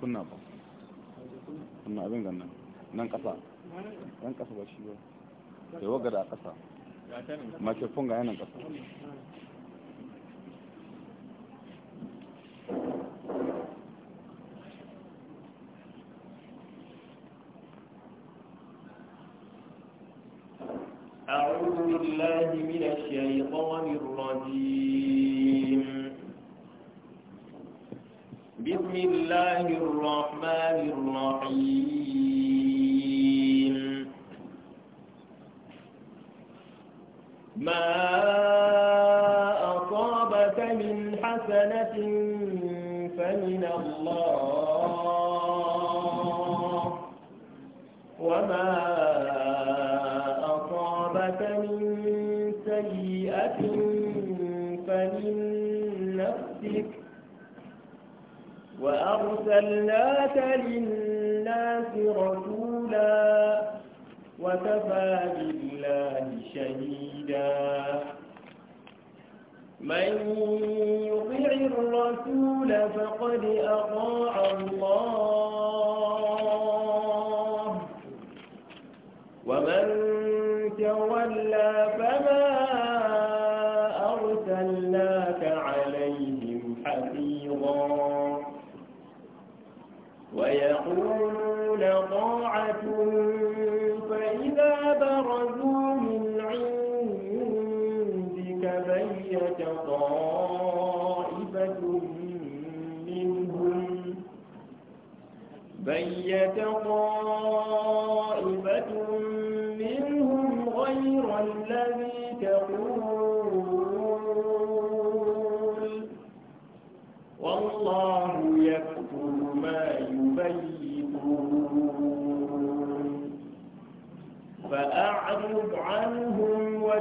kunna ba kunna abin gannan nan kasa nan kasa ba shi ba da waga da kasa mace funga yanan kasa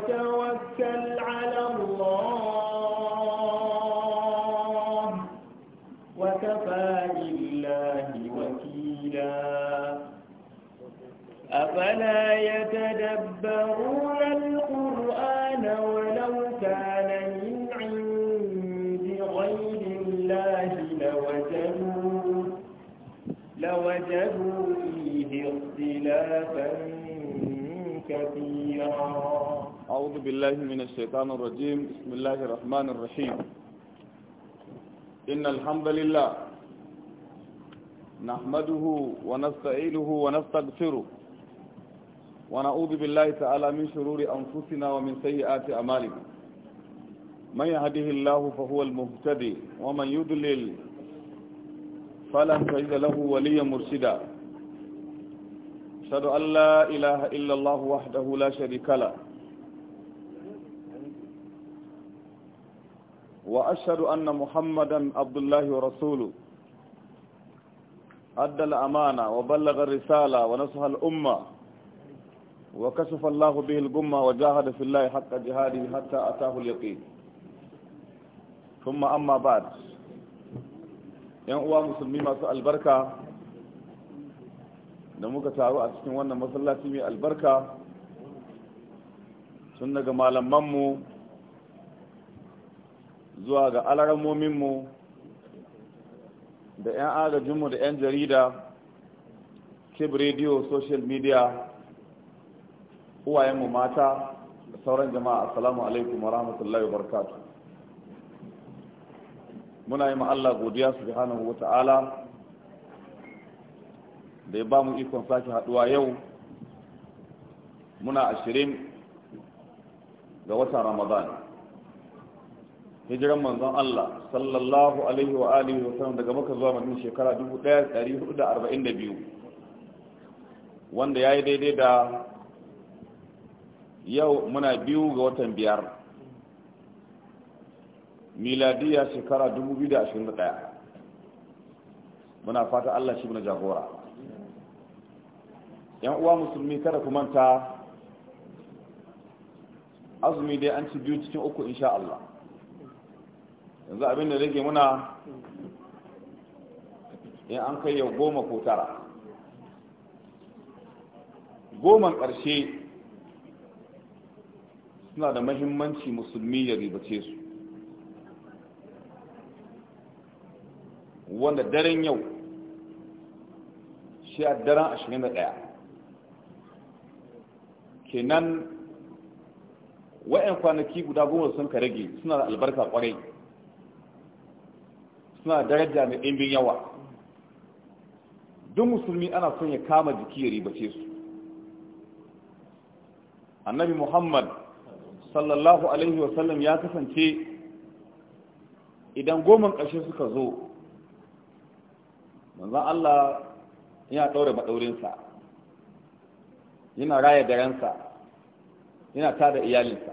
وتوكل بالله من الشيطان الرجيم بسم الله الرحمن الرحيم إن الحمد لله نحمده ونستعينه ونستغفره ونعوذ بالله تعالى من شرور أنفسنا ومن سيئات أمالنا من يهده الله فهو المهتدي ومن يضلل فلن تجد له وليا مرشدا أشهد أن لا إله إلا الله وحده لا شريك له وأشهد أن محمدا عبد الله ورسوله أدى الأمانة وبلغ الرسالة ونصح الأمة وكشف الله به الجمة وجاهد في الله حق جهاده حتى أتاه اليقين ثم أما بعد yan uwa musulmi masu albarka da muka taru a cikin wannan masallaci mai albarka sun daga malamanmu zuwa ga alaramominmu da 'yan agajinmu da 'yan jarida kib radio social media uwayenmu mata da sauran jama'a assalamu alaikum wa rahmatullahi wa barkatu. muna yi Allah godiya su wa ta'ala da ya ba mu ikon sake haduwa yau muna ashirin ga watan ramadan hijiran manzon Allah sallallahu alaihi wa alihi wa sallam daga Makka zuwa Madina shekara 1442 wanda yayi daidai da yau muna biyu ga watan biyar miladiya shekara 2021 muna fata Allah shi muna jagora yan uwa musulmi kada ku manta azumi dai an ci biyu cikin uku insha Allah yanzu abin da rage muna in an kai yau goma ko tara goman ƙarshe suna da mahimmanci musulmi ya ribace su wanda daren yau shi a daren 21 kenan wa'yan kwanaki guda goma sun ka rage suna da albarka kwarai suna daraja mai ɗimbin yawa duk musulmi ana son ya kama jiki ya ribace su annabi muhammad sallallahu alaihi wasallam ya kasance idan goma ƙashe suka zo manzan allah ya ɗaure maɗaurinsa yana raya garensa yana tada iyalinsa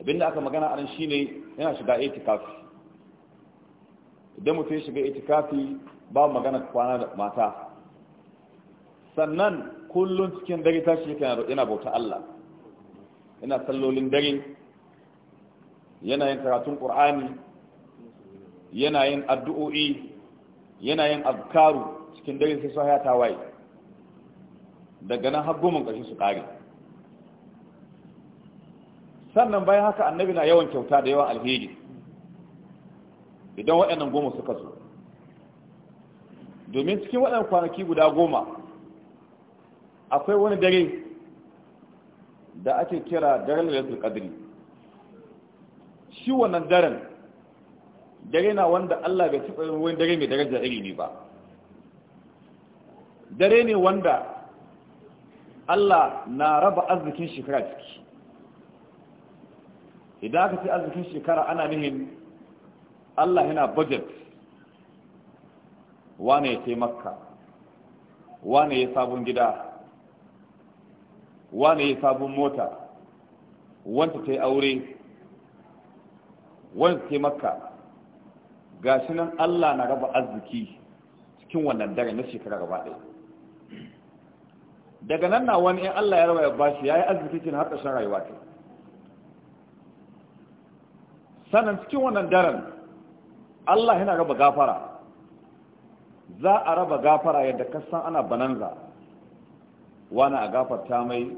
abinda aka magana a anan shine yana shiga itikafi idan mutum ya shiga itikafi ba magana kwana da mata sannan kullum cikin dare tashi yake yana bauta Allah yana sallolin dare yana yin karatun ƙur'ani, yana yin addu'o'i yana yin abkaru cikin dare sai sai ta waye daga nan har goma kashi su kare sannan bayan haka annabi na yawan kyauta da yawan alheri idan waɗannan goma suka zo domin cikin waɗannan kwanaki guda goma akwai wani dare da ake kira daren lalatul ƙadiri shi wannan daren dare na wanda Allah bai taɓa yin wani dare mai daraja iri ne ba dare ne wanda Allah na raba arzikin shekara ciki idan aka ce arzikin shekara ana nihin Allah yana budget wane ya ce makka wane ya sabon gida wane ya sabon mota wanta ta yi aure wanta ta yi makka ga shi nan Allah na raba arziki cikin wannan dare na shekara gaba ɗaya daga nan na wani in Allah ya raba ya bashi ya yi arziki cikin har rayuwa ta sannan cikin wannan daren Allah yana raba gafara za a raba gafara yadda kasan ana bananza wani a gafarta mai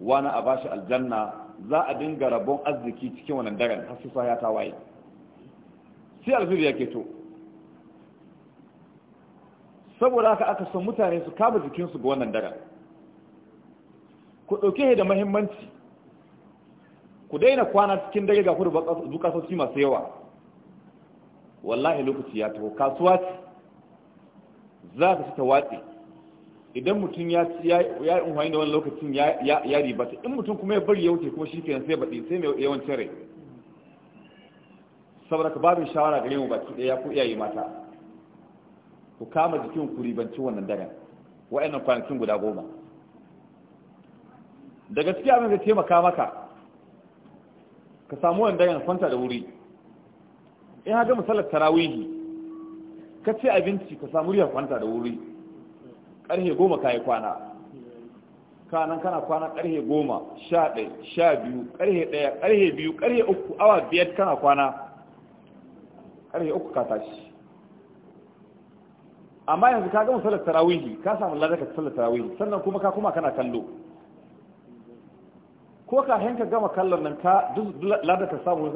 wani a bashi aljanna za a dinga rabon arziki cikin wannan daren har su ya ta waye sai alfiri yake to saboda haka aka san mutane su kama jikinsu ga wannan daren ku ɗauke da mahimmanci ku daina kwana cikin dare ga kudu bukasauci masu yawa wallahi lokaci ya taho kasuwa ce za ka ci ta watse idan mutum ya ya umfani da wani lokacin ya riba ta in mutum kuma ya bari ya wuce kuma shi kenan sai baɗi sai mai yawancin rai saboda ka babin shawara gare mu baki ɗaya ko iyaye mata ku kama jikin ku ribanci wannan daren wa'annan kwanakin guda goma da gaskiya abin zai taimaka maka ka samu wani daren fanta da wuri in haka musallar tarawihi ka ce abinci ka samu riyar kwanta da wuri karhe goma ka yi kwana kanan kana kwana karhe goma sha ɗaya sha biyu karhe ɗaya karhe biyu karhe uku awa biyar kana kwana karhe uku ka tashi amma yanzu ka ga musallar tarawihi ka samu ladar ka sallar tarawihi sannan kuma ka kuma kana kallo ko ka hanka gama kallon nan ka duk ladar ka samu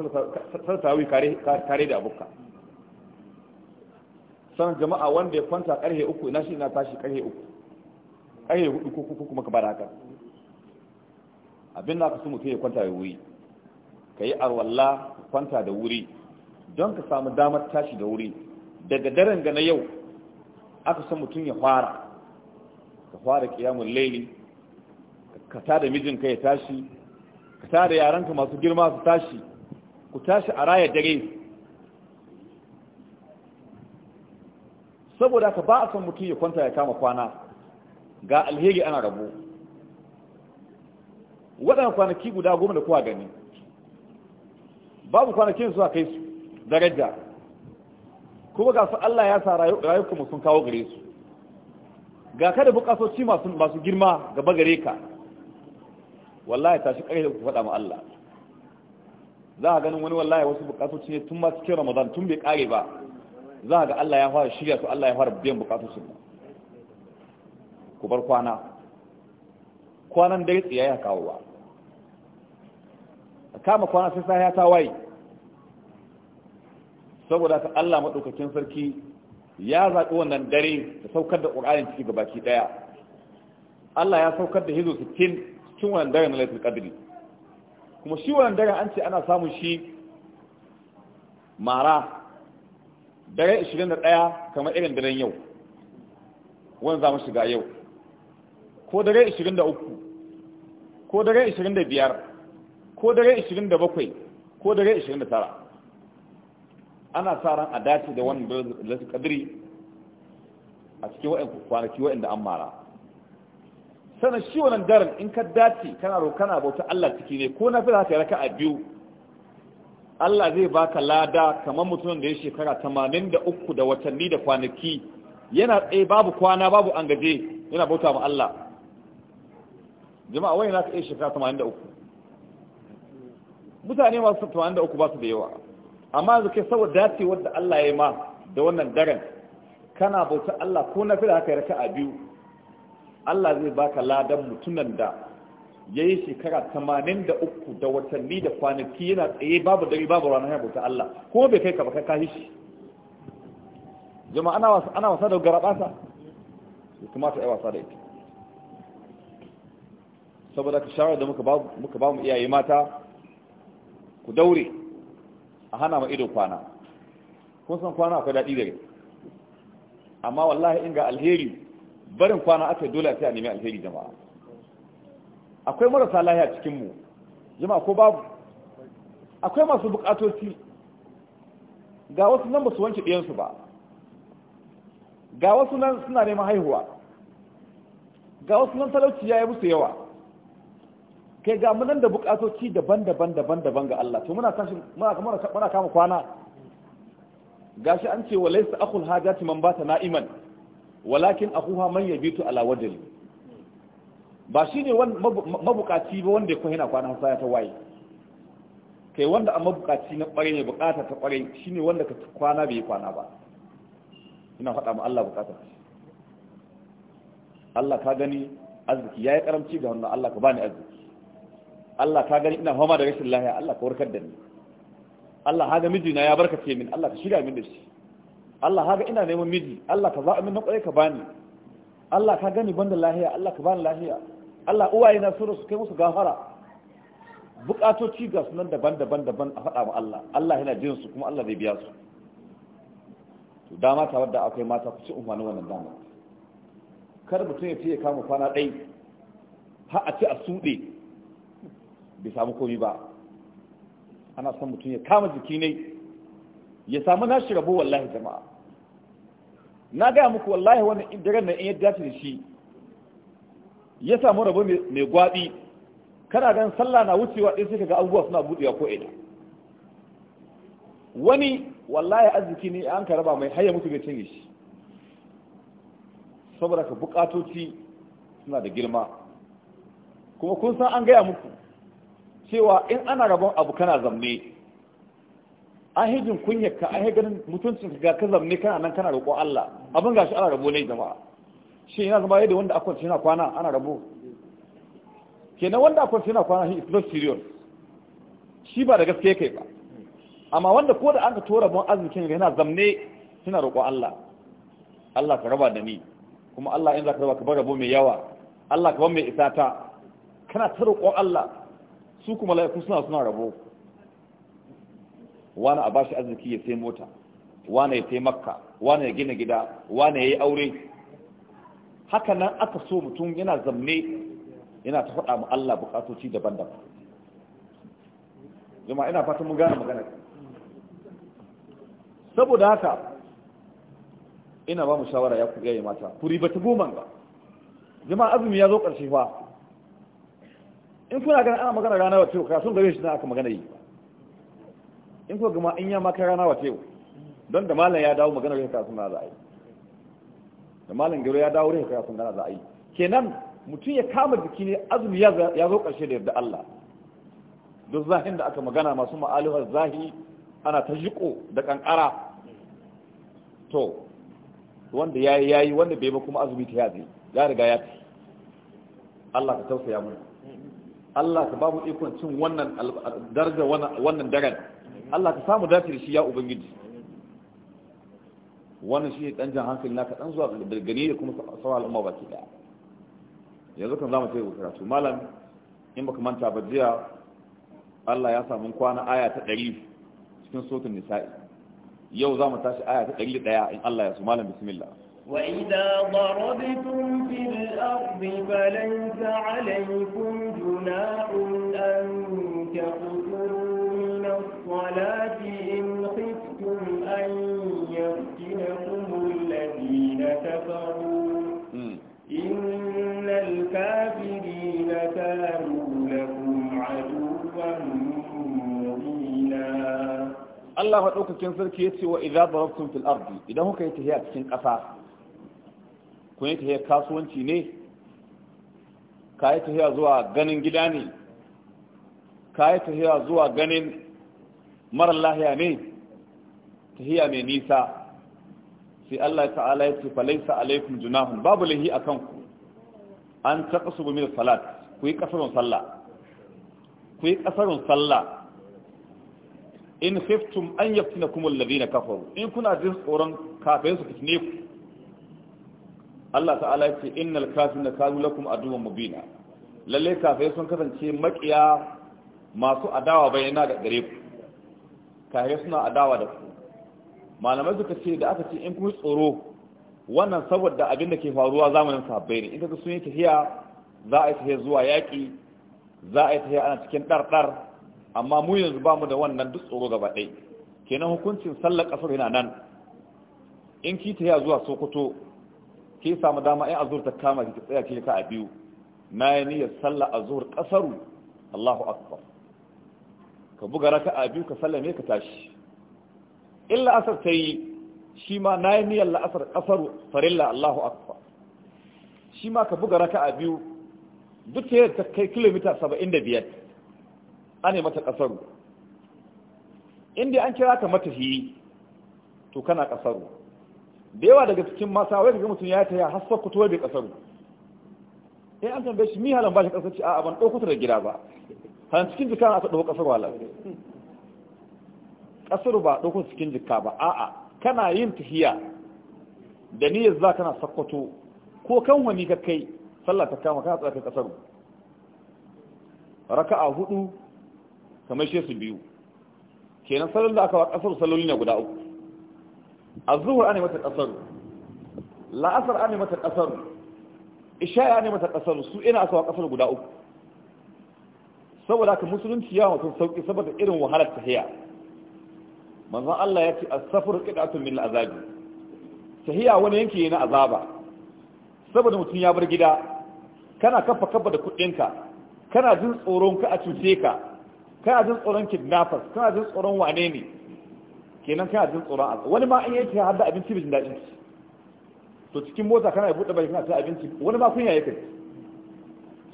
sai tawi kare kare da abuka san jama'a wanda ya kwanta karhe uku ina shi ina tashi karhe uku karhe hudu ko kuma ka bada haka abin da ka so ya kwanta da wuri ka yi arwalla kwanta da wuri don ka samu damar tashi da wuri daga daren ga na yau aka san mutum ya fara ka fara kiyamun laili ka ta da mijinka ya tashi ka tare yaranka masu girma su tashi ku tashi a rayar dare saboda ka ba a san mutum ya kwanta ya kama kwana ga alheri ana rabu waɗanda kwanaki guda goma da kowa gani babu kwanakin su a kai su daraja kuma ga su Allah ya sa rayuka sun kawo gare su ga kada bukasoci masu girma gaba gare ka wallahi tashi kare da ku faɗa ma Allah za a ganin wani wallahi wasu bukatoci ne tun ba cikin ramadan tun bai kare ba za a ga Allah ya fara shirya su Allah ya fara biyan bukatocin nan ku bar kwana kwanan dare tsiya ya kawo ba a kama kwana sai sai ya ta waye saboda ka Allah madaukakin sarki ya zaɓi wannan dare da saukar da ƙur'anin ciki gabaki ɗaya Allah ya saukar da hizo cikin wani daren na laifin qadri kuma shi wani daren an ce ana samun shi mara daren 21 kamar irin daren yau wani za mu shiga yau ko daren 23 ko daren 25 ko daren 27 ko daren 29 ana sa ran a dace da wani laifin qadri a cikin kwanaki waɗanda an mara sannan shi wannan daren in ka dace kana ro na bauta Allah ciki ne ko na fila ka raka a biyu Allah zai baka lada kamar mutumin da ya shekara tamanin da uku da watanni da kwanaki yana tsaye babu kwana babu an gaje yana bauta ma Allah jama'a wani na ka iya shekara uku mutane masu 83 ba su da yawa amma yanzu kai saboda dace wanda Allah ya yi ma da wannan daren kana bauta Allah ko na fila ya raka a biyu Allah zai baka ladan mutunan da ya yi shekara tamanin da uku da watanni da kwanaki yana tsaye babu dare babu ranar ya bauta Allah kuma bai kai ka baka kashi shi jama'a ana wasa da garabasa ya kamata ya wasa da ita saboda ka shawar da muka ba mu iyaye mata ku daure a hana ma ido kwana kun san kwana akwai daɗi dare amma wallahi inga alheri barin kwana aka dole sai a nemi alheri jama'a akwai marasa lahiya cikin mu jama'a ko babu akwai masu bukatoci ga wasu nan ba su wanke ɗiyansu ba ga wasu nan suna neman haihuwa ga wasu nan talauci ya yi musu yawa kai ga munan da bukatoci daban-daban daban-daban ga Allah to muna tashi muna muna kama kwana gashi an ce wa laysa akhul hajati man bata na'iman walakin akuha man yabitu ala wajhi ba shine mabukaci ba wanda ya kwana kwana sai ta waye kai wanda a mabukaci na kware ne bukata ta kware shine wanda ka kwana bai kwana ba ina faɗa mu Allah bukata Allah ka gani arziki yayi karamci ga wannan Allah ka bani arziki Allah ka gani ina fama da rashin lafiya Allah ka warkar da ni Allah haga mijina ya barkace min Allah ka shiga min da shi Allah haka ina neman miji Allah ka zaɓa min na ƙwarai ka bani Allah ka gani banda lahiya Allah ka bani lahiya Allah uwaye na sura su kai musu gafara bukatoci ga sunan daban-daban daban a faɗa ma Allah Allah yana jin su kuma Allah zai biya su to dama ta wadda akwai mata kusa ci umarni wannan dama kar mutum ya ce ya kama kwana ɗai har a ce a suɗe bai samu komi ba ana son mutum ya kama jiki ne ya samu nashi rabo wallahi jama'a na gaya muku wallahi wani daren na in ya dace da shi ya samu rabo mai gwabi kana gan sallah na wucewa ɗin sai ga abubuwa suna buɗewa ko ina wani wallahi arziki ne an ka raba mai haya mutu bai cinye shi saboda ka bukatoci suna da girma kuma kun san an gaya muku cewa in ana rabon abu kana zamne ahidin kunyar ka ahe ganin mutuncin ga ka zamne kana nan kana roƙo Allah abin gashi ana rabo ne jama'a shi yana zama yadda wanda akwai yana kwana ana rabo kenan wanda akwai yana kwana shi is not serious shi ba da gaske kai ba amma wanda ko da aka tora mun azumin yana zamne yana roƙo Allah Allah ka raba da ni kuma Allah in za ka raba ka bar rabo mai yawa Allah ka bar mai isata kana ta roƙo Allah su kuma laifin suna suna rabo wani a bashi arziki ya sai mota wani ya sai makka wani ya gina gida wani ya yi aure haka nan aka so mutum yana zamne yana ta faɗa ma Allah bukatoci daban-daban zama ina fatan mun gane magana saboda haka ina ba mu shawara ya ku yayi mata ku riba ta goma ba zama azumi ya zo ƙarshe fa in kuna ganin ana magana ranar wacce ka sun gare shi na aka magana yi in ko gama in ya maka rana wace don da malam ya dawo maganar yin karatun na za a yi da malam gero ya dawo yin karatun na za a yi kenan mutum ya kama jiki ne azumi ya zo ƙarshe da yarda Allah duk zahin da aka magana masu ma'aluhar zahi ana ta jiko da kankara to wanda ya yi, wanda bai ba kuma azumi ta yazi ya riga ya fi. Allah ka tausaya mana Allah ka babu ikon cin wannan daraja wannan daren Allah ka samu dace da shi ya ubangiji wannan shi ne dan jan hankali na kaɗan zuwa gani da kuma sauran al'umma baki daya yanzu kan zamu ce karatu malam in baka manta ba jiya Allah ya samu kwana aya ta 100 cikin sotun nisa'i yau zamu tashi aya ta 101 in Allah ya su malam bismillah وإذا ضربتم في الأرض فليس عليكم Allah maɗaukakin sarki ya ce wa idza darabtum fil ardi idan kuka yi tahiya cikin ƙasa kun yi tahiya kasuwanci ne ka yi tahiya zuwa ganin gida ne ka yi tahiya zuwa ganin mara lahiya ne tahiya mai nisa sai Allah ta'ala ya ce falaisa alaikum junahun babu lahi akan ku an taqasubu min salat ku yi kasarun sallah ku yi kasarun sallah in khiftum an yaftinakum alladhina kafaru in kuna jin tsoron kafin su fitne ku Allah ta'ala ya ce innal kafirina kanu lakum aduwwan mubina lalle kafai sun kasance makiya masu adawa bayyana ga gare ku kafai suna adawa da ku malamai suka ce da aka ce in kun tsoro wannan saboda abin da ke faruwa zamanin sahabbai ne in kaga sun yi tafiya za a yi tafiya zuwa yaƙi za a yi tafiya ana cikin ɗarɗar amma mu yanzu ba mu da wannan duk tsoro gaba ɗai kenan hukuncin sallar ƙasar yana nan in ki ta ya zuwa sokoto ke samu dama in azur ta kama ki tsaya ke ta a biyu na yi niyyar sallar azur ƙasaru Allahu akbar ka buga raka a biyu ka sallame ka tashi in la'asar ta yi shi ma na yi niyyar la'asar ƙasaru farilla Allahu akbar shi ma ka buga raka a biyu duk ta yadda ta kai kilomita saba'in da biyar ane mata kasaru inda an kira ka matafiyi to kana kasaru da yawa daga cikin masa wai ga mutum ya taya har sakku to bai kasaru in an tambaye shi mi halan ba shi kasar ci a ban ɗauko da gida ba har cikin jikan aka ɗauko kasar wala kasar ba ɗauko cikin jikka ba a'a kana yin tahiya da niyyar za kana sakkwato ko kan wani ka kai sallah ta kama ka tsaka kasaru raka'a hudu kamar shi su biyu kenan salon da aka wa kasar saloli ne guda uku a zuhur ana mata kasar la'asar ana mata kasar isha'i ana mata kasar su ina aka wa kasar guda uku saboda ka musulunci ya mutum sauƙi saboda irin wahalar tahiya manzan Allah ya ce a safar qid'atun min al-azabi tahiya wani yanki yana na azaba saboda mutum ya bar gida kana kafa kafa da kuɗinka kana jin tsoron ka a cuce ka kana jin tsoron kidnappers kana jin tsoron wane ne kenan kana jin tsoron azaba wani ma in yake har da abinci bijin daɗin shi to cikin mota kana buɗe bai kana ta abinci wani ma kunya yake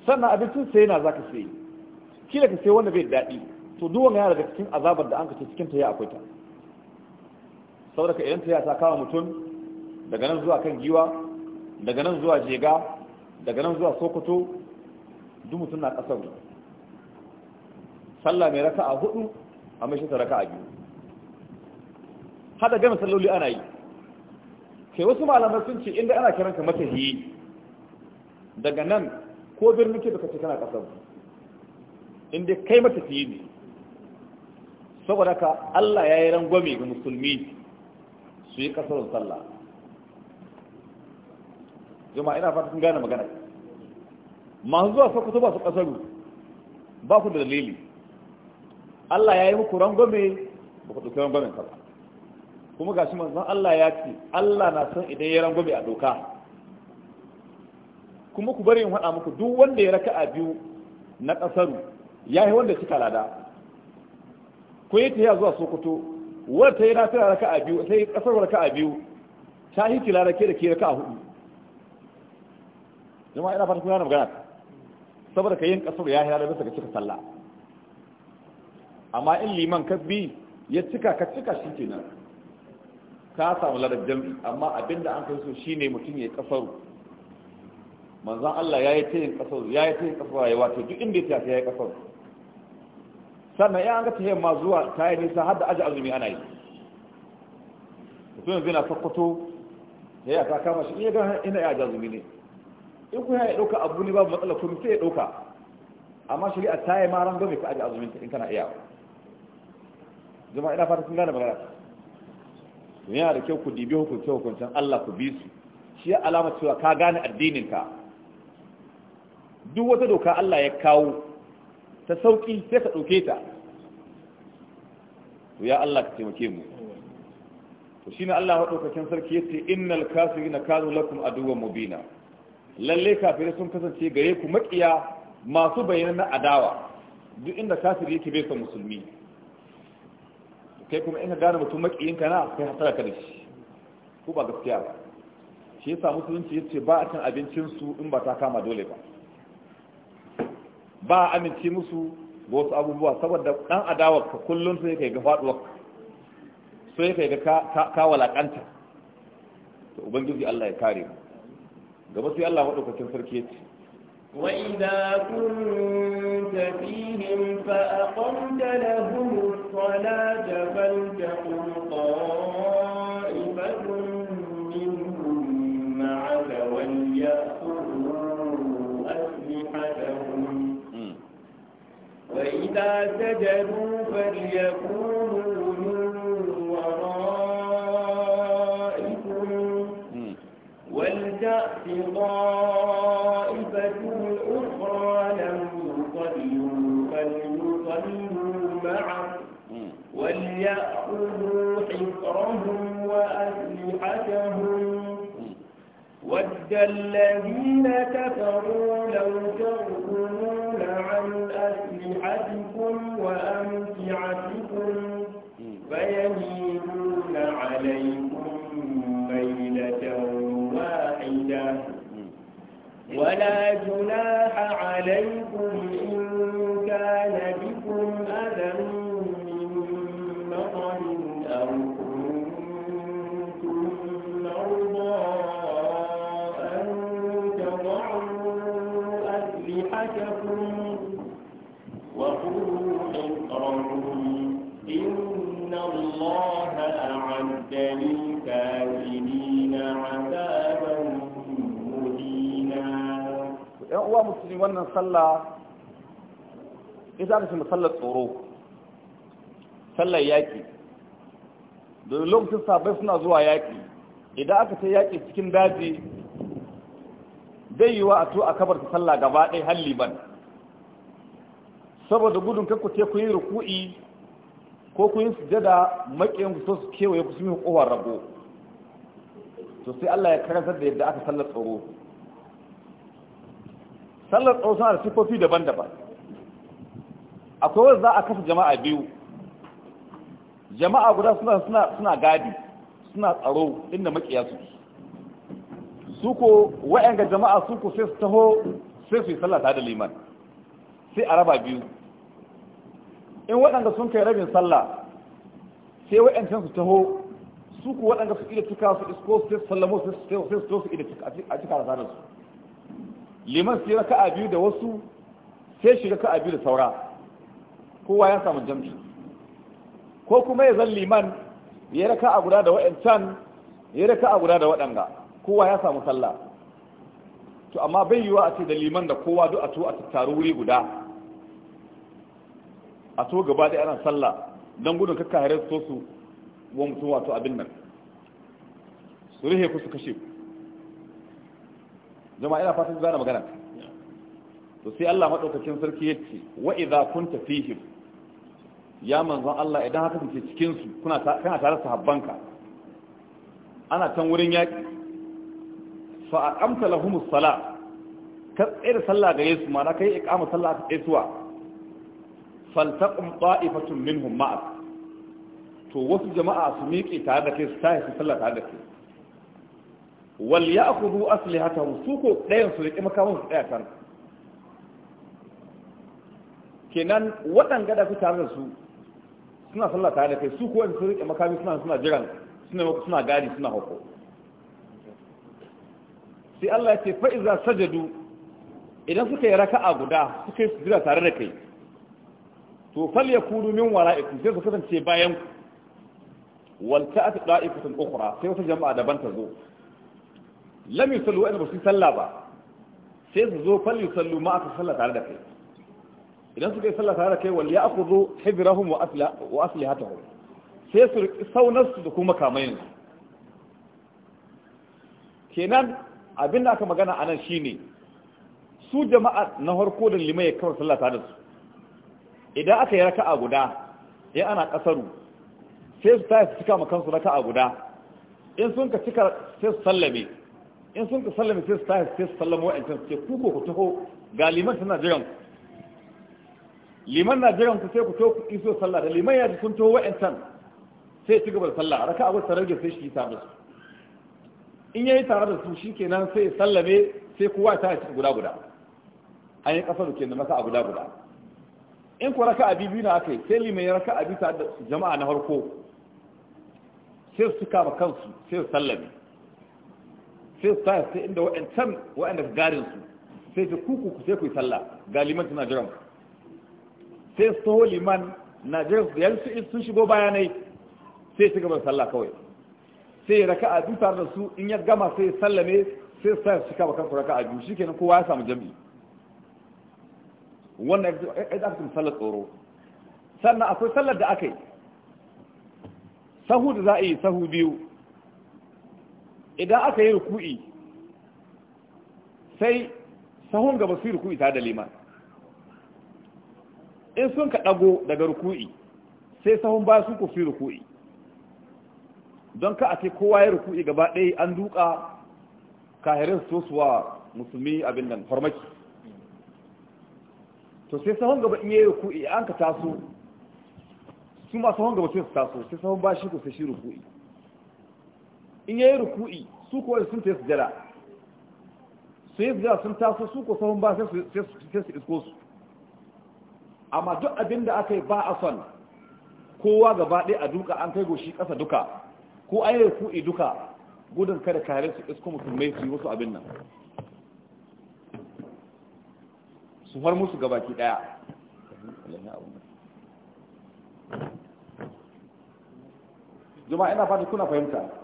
sannan abincin sai na zaka sai kila ka sai wanda bai dadi to duk wanda yana daga cikin azabar da an ka ce cikin ta ya akwai ta saboda ka idan ta ya ta kawo mutum daga nan zuwa kan giwa daga nan zuwa jega daga nan zuwa sokoto duk mutum na ƙasar sallah mai raka a hudu a mai shata a biyu hada gama salloli ana yi ke wasu malamar sun ce inda ana kiranka yi daga nan ko birnin ke baka ce kana kasar inda kai matafiyi ne saboda ka Allah ya yi rangwame ga musulmi su yi kasarun sallah jama'a ina fata sun gane magana masu zuwa sokoto ba su kasaru ba ku da dalili Allah ya yi muku rangwame ba ku ɗauki rangwamen ba kuma ga shi manzan Allah ya ce Allah na son idan ya rangwame a doka kuma ku bari in haɗa muku duk wanda ya raka a biyu na ƙasaru ya yi wanda cika lada ku yi tafiya zuwa sokoto wadda ta yi lafiya raka a biyu sai ƙasar raka a biyu ta yi kila rake da ke raka a hudu jama'a ina fata kuna na magana saboda ka yin ƙasar ya yi lada bisa ga cika sallah amma in liman ka bi ya cika ka cika shi ke nan ka samu ladar jam'i amma abinda an kai so ne mutum ya kafaru manzan Allah ya yi tayin kafaru ya yi tayin kafaru ya wato duk inda ya tafi ya yi kafaru sannan ya an ga tayin ma zuwa ta yi nisa har da aji azumi ana yi mutum zina yana sakkwato ya yi ta kama shi iya gan ina ya aji azumi ne in ku ya ɗauka abu ne babu matsala kuma sai ya ɗauka amma shari'a ta yi ma rangwame ka aji azumin in kana iya jama'a ina fata sun gane magana to yana da kyau ku dibi hukunce hukuncen Allah ku bi su shi ya alama cewa ka gane addinin ka duk wata doka Allah ya kawo ta sauki sai ka ɗauke ta to ya Allah ka taimake mu to shine Allah madaukakin sarki yace innal kafirina kanu lakum aduwwan mubina lalle kafirai sun kasance gare ku makiya masu bayyana adawa duk inda kafiri yake bai son musulmi kai kuma ina gane mutum makiyinka kana kai hasara ka da shi ko ba gaskiya ba shi yasa musulunci yace ba a cin abincin su in ba ta kama dole ba ba a amince musu ba wasu abubuwa saboda dan adawar ka kullun sai kai ga faduwar sai kai ga ka walakanta to ubangiji Allah ya kare mu gaba sai Allah madaukakin sarki yace وإذا كنت فيهم فأقمت لهم الصلاة فلتقم طائفة منهم معك وليأخذوا أسلحتهم وإذا سجدوا فليكونوا من ورائكم ولتأت طائفة يأخذوا حفرهم وأسلحتهم ود الذين كفروا لو تغفلون عن أسلحتكم وأمتعتكم فيميلون عليكم ميلة واحدة ولا جناح عليكم shi wannan sallah ita aka musallar tsoro sallar yaƙi domin lokacin sabai suna zuwa yaƙi idan aka ta yaƙi cikin daji zai yi wa a to a kabar ta sallah gaba ɗaya halli ban saboda gudun kakku ce ku yi ruku'i ko ku yi sujada maƙiyan ku so su kewaye ku sun yi kowar rabo to sai Allah ya karantar da yadda aka sallar tsoro sallar tsawo suna da sifofi daban-daban akwai wanda za a kasa jama'a biyu jama'a guda suna gadi suna tsaro inda makiya su su ko wa'yanga jama'a su ko sai su taho sai su yi sallata da liman sai a raba biyu in waɗanda sun kai rabin sallah sai wa'yancan su taho su ko waɗanda su ida cika su isko sai sallamo sai su taho su ida cika a cika da su liman sai raka'a biyu da wasu sai shi raka'a biyu da saura kowa ya samu jam'i ko kuma ya zan liman ya raka'a guda da wa'ancan ya raka'a guda da waɗanga kowa ya samu sallah to amma bai yiwa a ce da liman da kowa duk a to a tattaru wuri guda a to gaba da ana sallah don gudun kakka harin so su wa mutum wato abin nan su rihe ku su kashe ku jama'a ina fatan gane magana to sai Allah madaukakin sarki yace wa idza kunta fihim ya manzon Allah idan haka kake cikin su kuna kana tare da sahabbanka ana can wurin yaki fa aqamta lahumus sala ka tsere sallah ga Yesu mana na kai iqama sallah ka tsayewa faltaqum ta'ifatun minhum ma'ak to wasu jama'a su miƙe tare da kai su tashi sallah tare da kai wal ya'khudhu aslihatahu hata suko ɗayan su riƙe makamin su tsaya kan kenan waɗanga da tare da su suna sallah tare da kai su ko in su riƙe makamin suna suna jiran suna suna gadi suna hako sai Allah ya ce fa iza sajadu idan suka yi raka'a guda suka yi sujjada tare da kai to fal yakunu min wara'ikum sai su kasance bayan wal ta'at da'ifatan ukhra sai wata jama'a daban ta zo lam yusallu wa'anda ba su sallah ba sai su zo fal yusallu ma aka sallah tare da kai idan suka yi sallah tare da kai wal ya'khudhu hibrahum wa asla wa aslihatahum sai su saunarsu da kuma kamayin kenan abinda aka magana anan shine su jama'a na harko da limai ya salla sallah tare da su idan aka yi raka'a guda in ana kasaru sai su tafi cika ma kansu raka'a guda in sun ka cika sai su sallame in sun ka sallame sai su tashi sai su sallama wa'ancan su ce ku ko ku taho ga liman suna jiran ku liman na jiran ku sai ku taho ku iso sallah da liman ya ji kun taho wa'ancan sai ci gaba da sallah raka abu ta rage sai shi ta musu in yayi tare da su shi nan sai sallame sai kowa ta ci guda guda an yi kasar kenan maka a guda guda in ku raka a biyu na yi sai liman ya raka abi ta jama'a na farko sai su kama kansu sai su sallame sai sa sai inda wa'ancan wa'anda garin su sai ta kuku ku sai ku yi sallah ga liman su jiran sai su taho liman na jiran su yanzu sun shigo bayanai sai su gaba sallah kawai sai ya raka a biyu tare da su in ya gama sai sallame sai sa su cika bakan raka a biyu shi kenan kowa ya samu jami'i wannan ya zafi sallar tsoro sannan akwai sallar da aka yi sahu da za a yi sahu biyu idan aka yi ruku'i sai sahun gaba su ruku'i tare da liman in sun ka ɗago daga ruku'i sai sahun ba su ku fi ruku'i don ka a ce kowa ya ruku'i gaba ɗaya an duka kahirin su suwa musulmi abin nan farmaki to sai sahun gaba in yi ruku'i an ka taso su ma sahun gaba sai su taso sai sahun ba shi ku sai shi ruku'i in yayi ruku'i su ko sun ta sujada su yi sujada sun taso su ko sahun ba sai su isko su amma duk abin da aka yi ba a son kowa gaba ɗaya a duka an kai goshi ƙasa duka ko an yi ruku'i duka gudun kada kare su isko musulmai su yi wasu abin nan su har musu gabaki daya jama'a ina fata kuna fahimta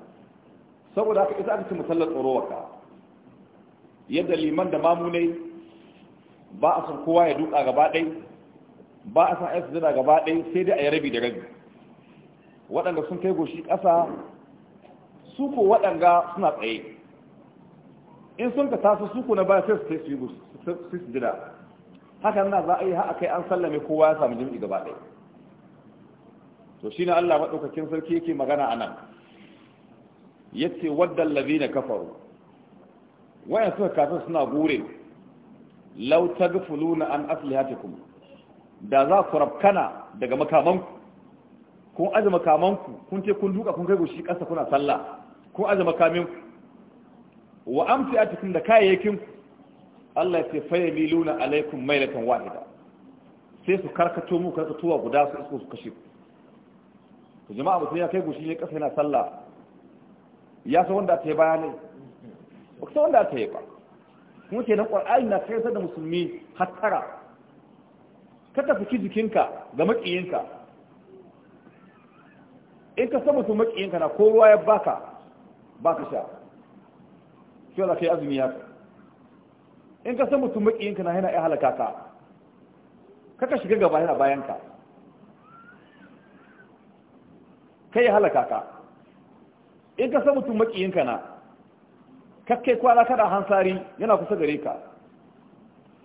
saboda haka ita aka ce musallar tsoro waka yadda liman da mamunai ba a san kowa ya duka gaba ɗai ba a san aiki sujada gaba ɗai sai dai a yi rabi da rabi waɗanda sun kai goshi ƙasa su ko waɗanda suna tsaye in sun ka taso su ko na baya sai su kai su yi sujada hakan na za a yi haka kai an sallame kowa ya samu jami'i gaba ɗai to shi na Allah maɗaukakin sarki yake magana a nan Ya ce yace waddal ladina kafaru wayan suka kafa suna gure law tagfuluna an asali aslihatikum da za ku rabkana daga makamanku kun aje makamanku kun ce kun duka kun kai goshi kasa kuna sallah kun aje makaminku wa amsiatikum da kayayyakin Allah ya ce fayamiluna alaikum mailatan wahida sai su karkato mu karkatowa guda su isko su kashe ku jama'a mutum ya kai goshi ne kasa yana sallah ya san wanda ta yi bayanai ba san wanda ta yi ba kuma ke na ƙwar'ani na kayansa da musulmi hattara ka tafi ki jikinka ga maƙiyinka in ka san mutum maƙiyinka na ko ruwa ya baka baka sha shi za ka yi azumi ya ka in ka san mutum maƙiyinka na yana iya halaka ka kaka shiga gaba yana bayanka kai ya halaka ka in ka san mutum makiyinka na kakkai kwana kada hansari yana kusa gare ka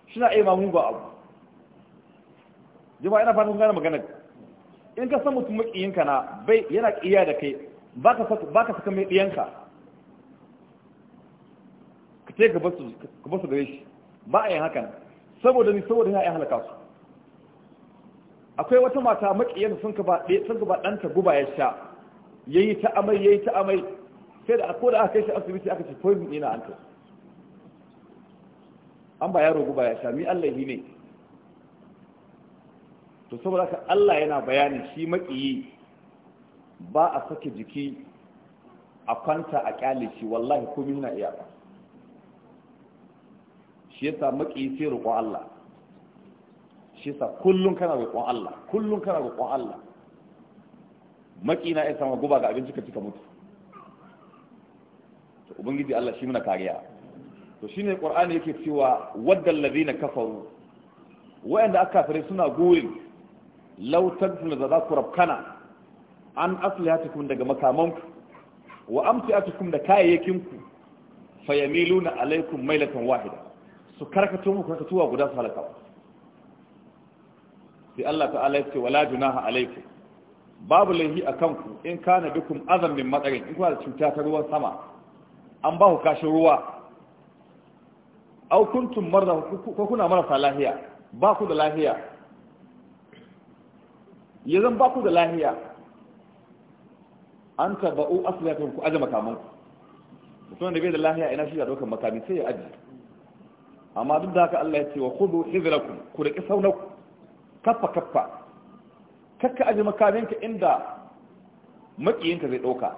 shi na aima mugun abu jima yana fatan gane magana in ka san mutum makiyinka na bai yana kiya da kai baka ka baka saka mai diyanka ka ce ka basu ka basu gare shi ba a yin hakan saboda ni saboda ya halaka su akwai wata mata makiyar sun ka ba sun ka ba danta guba ya sha yayi ta amai yayi ta amai sai da ko da aka kai shi asibiti aka ce poison ina an an ba yaro guba ya sha mi Allah yi ne to saboda ka Allah yana bayani shi makiyi ba a sake jiki a kwanta a kyale shi wallahi komai iya iyaka shi yasa makiyi sai roƙon Allah shi yasa kullun kana roƙon Allah kullun kana roƙon Allah makina ya sama guba ga abinci ka cika mutu to ubangiji Allah shi muna kariya to shine qur'ani yake cewa waddal ladina kafaru wa'anda aka kafire suna gurin law tadfun da za ku rabkana an aslihatukum daga makamanku wa amtiatukum da kayayyakinku fayamiluna alaikum mailatan wahida su karkato muku karkatuwa guda su halaka sai Allah ta'ala ya ce wala junaha alaikum babu laihi a kanku in ka na dukkan azamin matsarin in kuna da cuta ta ruwan sama an ba ku kashin ruwa Aukuntun kuntum marda ko kuna marasa lahiya ba ku da lahiya ya zan ba ku da lahiya an taba'u asliyakum ku aji makamanku mutum da bai da lahiya ina shi da dokan makami sai ya aji amma duk da haka Allah ya ce wa kudu hidrakum ku riki saunarku kaffa kaffa kakka aje makaminka inda makiyinka zai ɗauka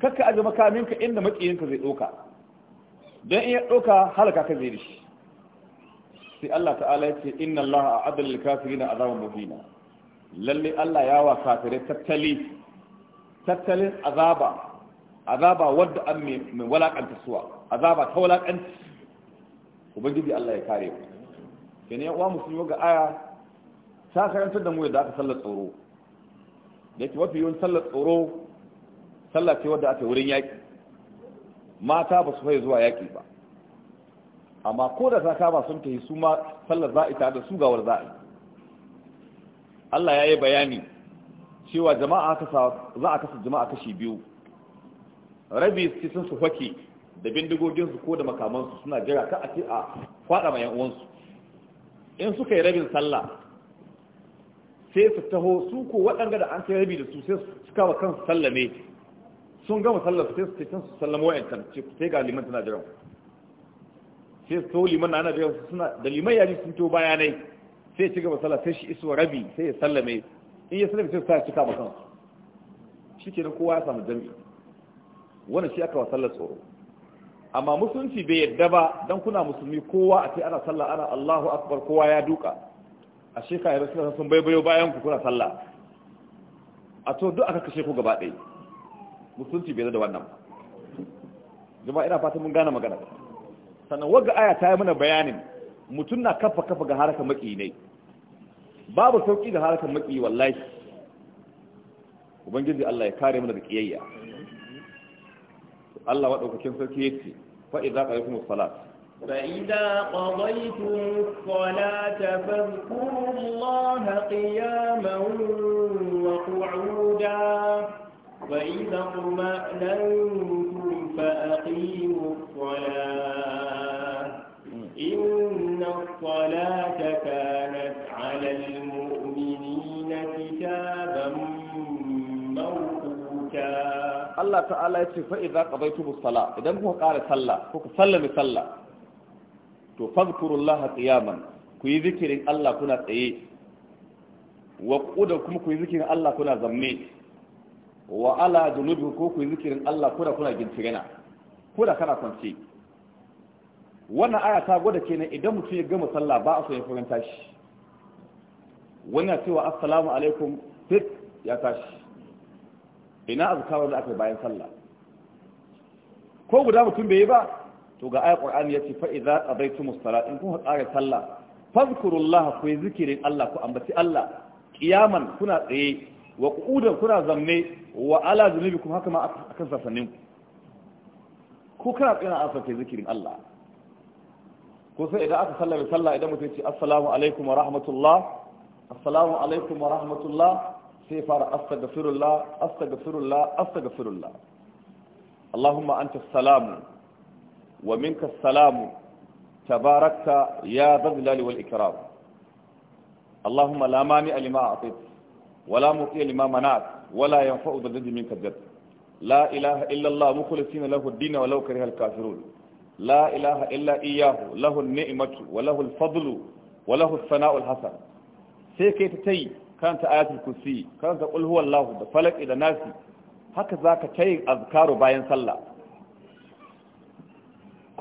kakka aje makaminka inda makiyinka zai ɗauka don iya ɗauka halaka ka zai dashi sai Allah ta'ala ya ce inna Allah a adalil kafirin a azaban mubina lalle Allah ya wa kafirai tattali tattalin azaba azaba wadda an mai walakanta suwa azaba ta walaƙanta. ubangiji Allah ya kare mu kenan ya uwa musulmi ga aya ta karantar da mu yadda aka sallar tsoro da ke mafi yawan sallar tsoro sallar ce wadda aka wurin yaƙi mata ba su fai zuwa yaƙi ba amma ko da ta kama sun tafi su ma sallar za'i ta da su gawar za'i Allah ya yi bayani cewa jama'a za a kasa jama'a kashi biyu rabi su sun su fake da bindigoginsu ko da makamansu suna jira ka a ce a kwaɗa ma 'yan uwansu in suka yi rabin sallah sai su taho su ko waɗanda da an kai rabi da su sai su kawo kansu sallame sun gama sallar sai su can su sallama wa'yankan sai ga liman tana jiran sai su taho liman na ana jiran suna da liman yari sun to bayanai sai ci gaba sallar sai shi iso rabi sai ya sallame in ya sallame sai su sa cika ma kansu shi ke kowa ya samu jami wani shi aka wa sallar tsoro amma musulunci bai yadda ba don kuna musulmi kowa a ce ana sallah ana allahu akbar kowa ya duka a shekara da suna sun baibayo bayan ku kuna sallah a to duk aka kashe ku gaba ɗaya musulunci bai da wannan jama'a ina fatan mun gane magana sannan wagga aya ta yi mana bayanin mutum na kafa kafa ga harkar maki ne babu sauki da harkar maki wallahi ubangiji Allah ya kare mana da kiyayya Allah ya ce sarki za ka yi kuma salat فإذا قضيتم الصلاة فاذكروا الله قياما وقعودا فإذا اطمأننتم فأقيموا الصلاة إن الصلاة كانت على المؤمنين كتابا موقوتا الله تعالى يقول فإذا قضيتم الصلاة إذا هو قال صلى هو صلى بصلى to fadhkurullah qiyaman ku yi zikirin Allah kuna tsaye wa kuda kuma ku yi zikirin Allah kuna zamme wa ala junubi ko ku yi zikirin Allah kuna kuna gintirena ko da kana kwance wannan aya ta gwada kenan idan mutum ya gama sallah ba a so ya furanta shi wannan cewa assalamu alaikum fit ya tashi ina azkarar da aka bayan sallah ko guda mutum bai yi ba to ga ayat qur'ani yace fa idza qadaytumus salat in kun tsare sallah fadhkurullaha ku yi zikirin Allah ku ambaci Allah qiyaman kuna tsaye wa qu'udan kuna zamme wa ala zunubikum haka ma akan sasannin ku ku kana tsina asa kai zikirin Allah ko sai idan aka sallame sallah idan mutum ce assalamu alaikum wa rahmatullah assalamu alaikum wa rahmatullah sai fara astaghfirullah astaghfirullah astaghfirullah Allahumma anta salamu wa minka salamu tabarakta ya zalzali wal ikram Allahumma la mani alima a'tit wala muti lima manat wala yanfa'u dhal minka jadd la ilaha illa Allah mukhlisina lahu ad wa law kariha la ilaha illa iyyahu lahu an-ni'matu wa lahu al wa lahu as sai kai ta tayi karanta ayatul kursi karanta qul huwallahu da falaq da nasi haka zaka tayi azkaru bayan sallah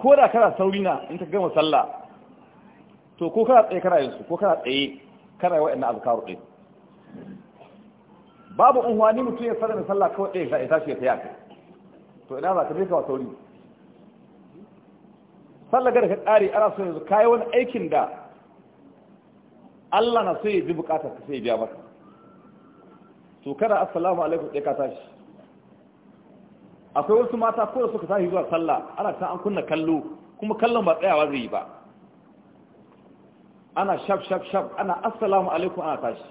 ko da kana sauri na in ka gama sallah to ko kana tsaye kana yinsu ko kana tsaye kana yi ina azkaru ɗin babu unhwani mutum ya fara da sallah kawai ɗaya ya tashi ya taya to ina za ka je ka sauri sallah gada ka ƙare ana so yanzu kayi wani aikin da Allah na so ya ji bukatar ka sai ya biya maka to kana assalamu alaikum ɗaya ka tashi akwai wasu mata ko da suka tashi zuwa sallah ana ta an kunna kallo kuma kallon ba tsayawa zai yi ba ana shaf shaf shaf ana assalamu alaikum ana tashi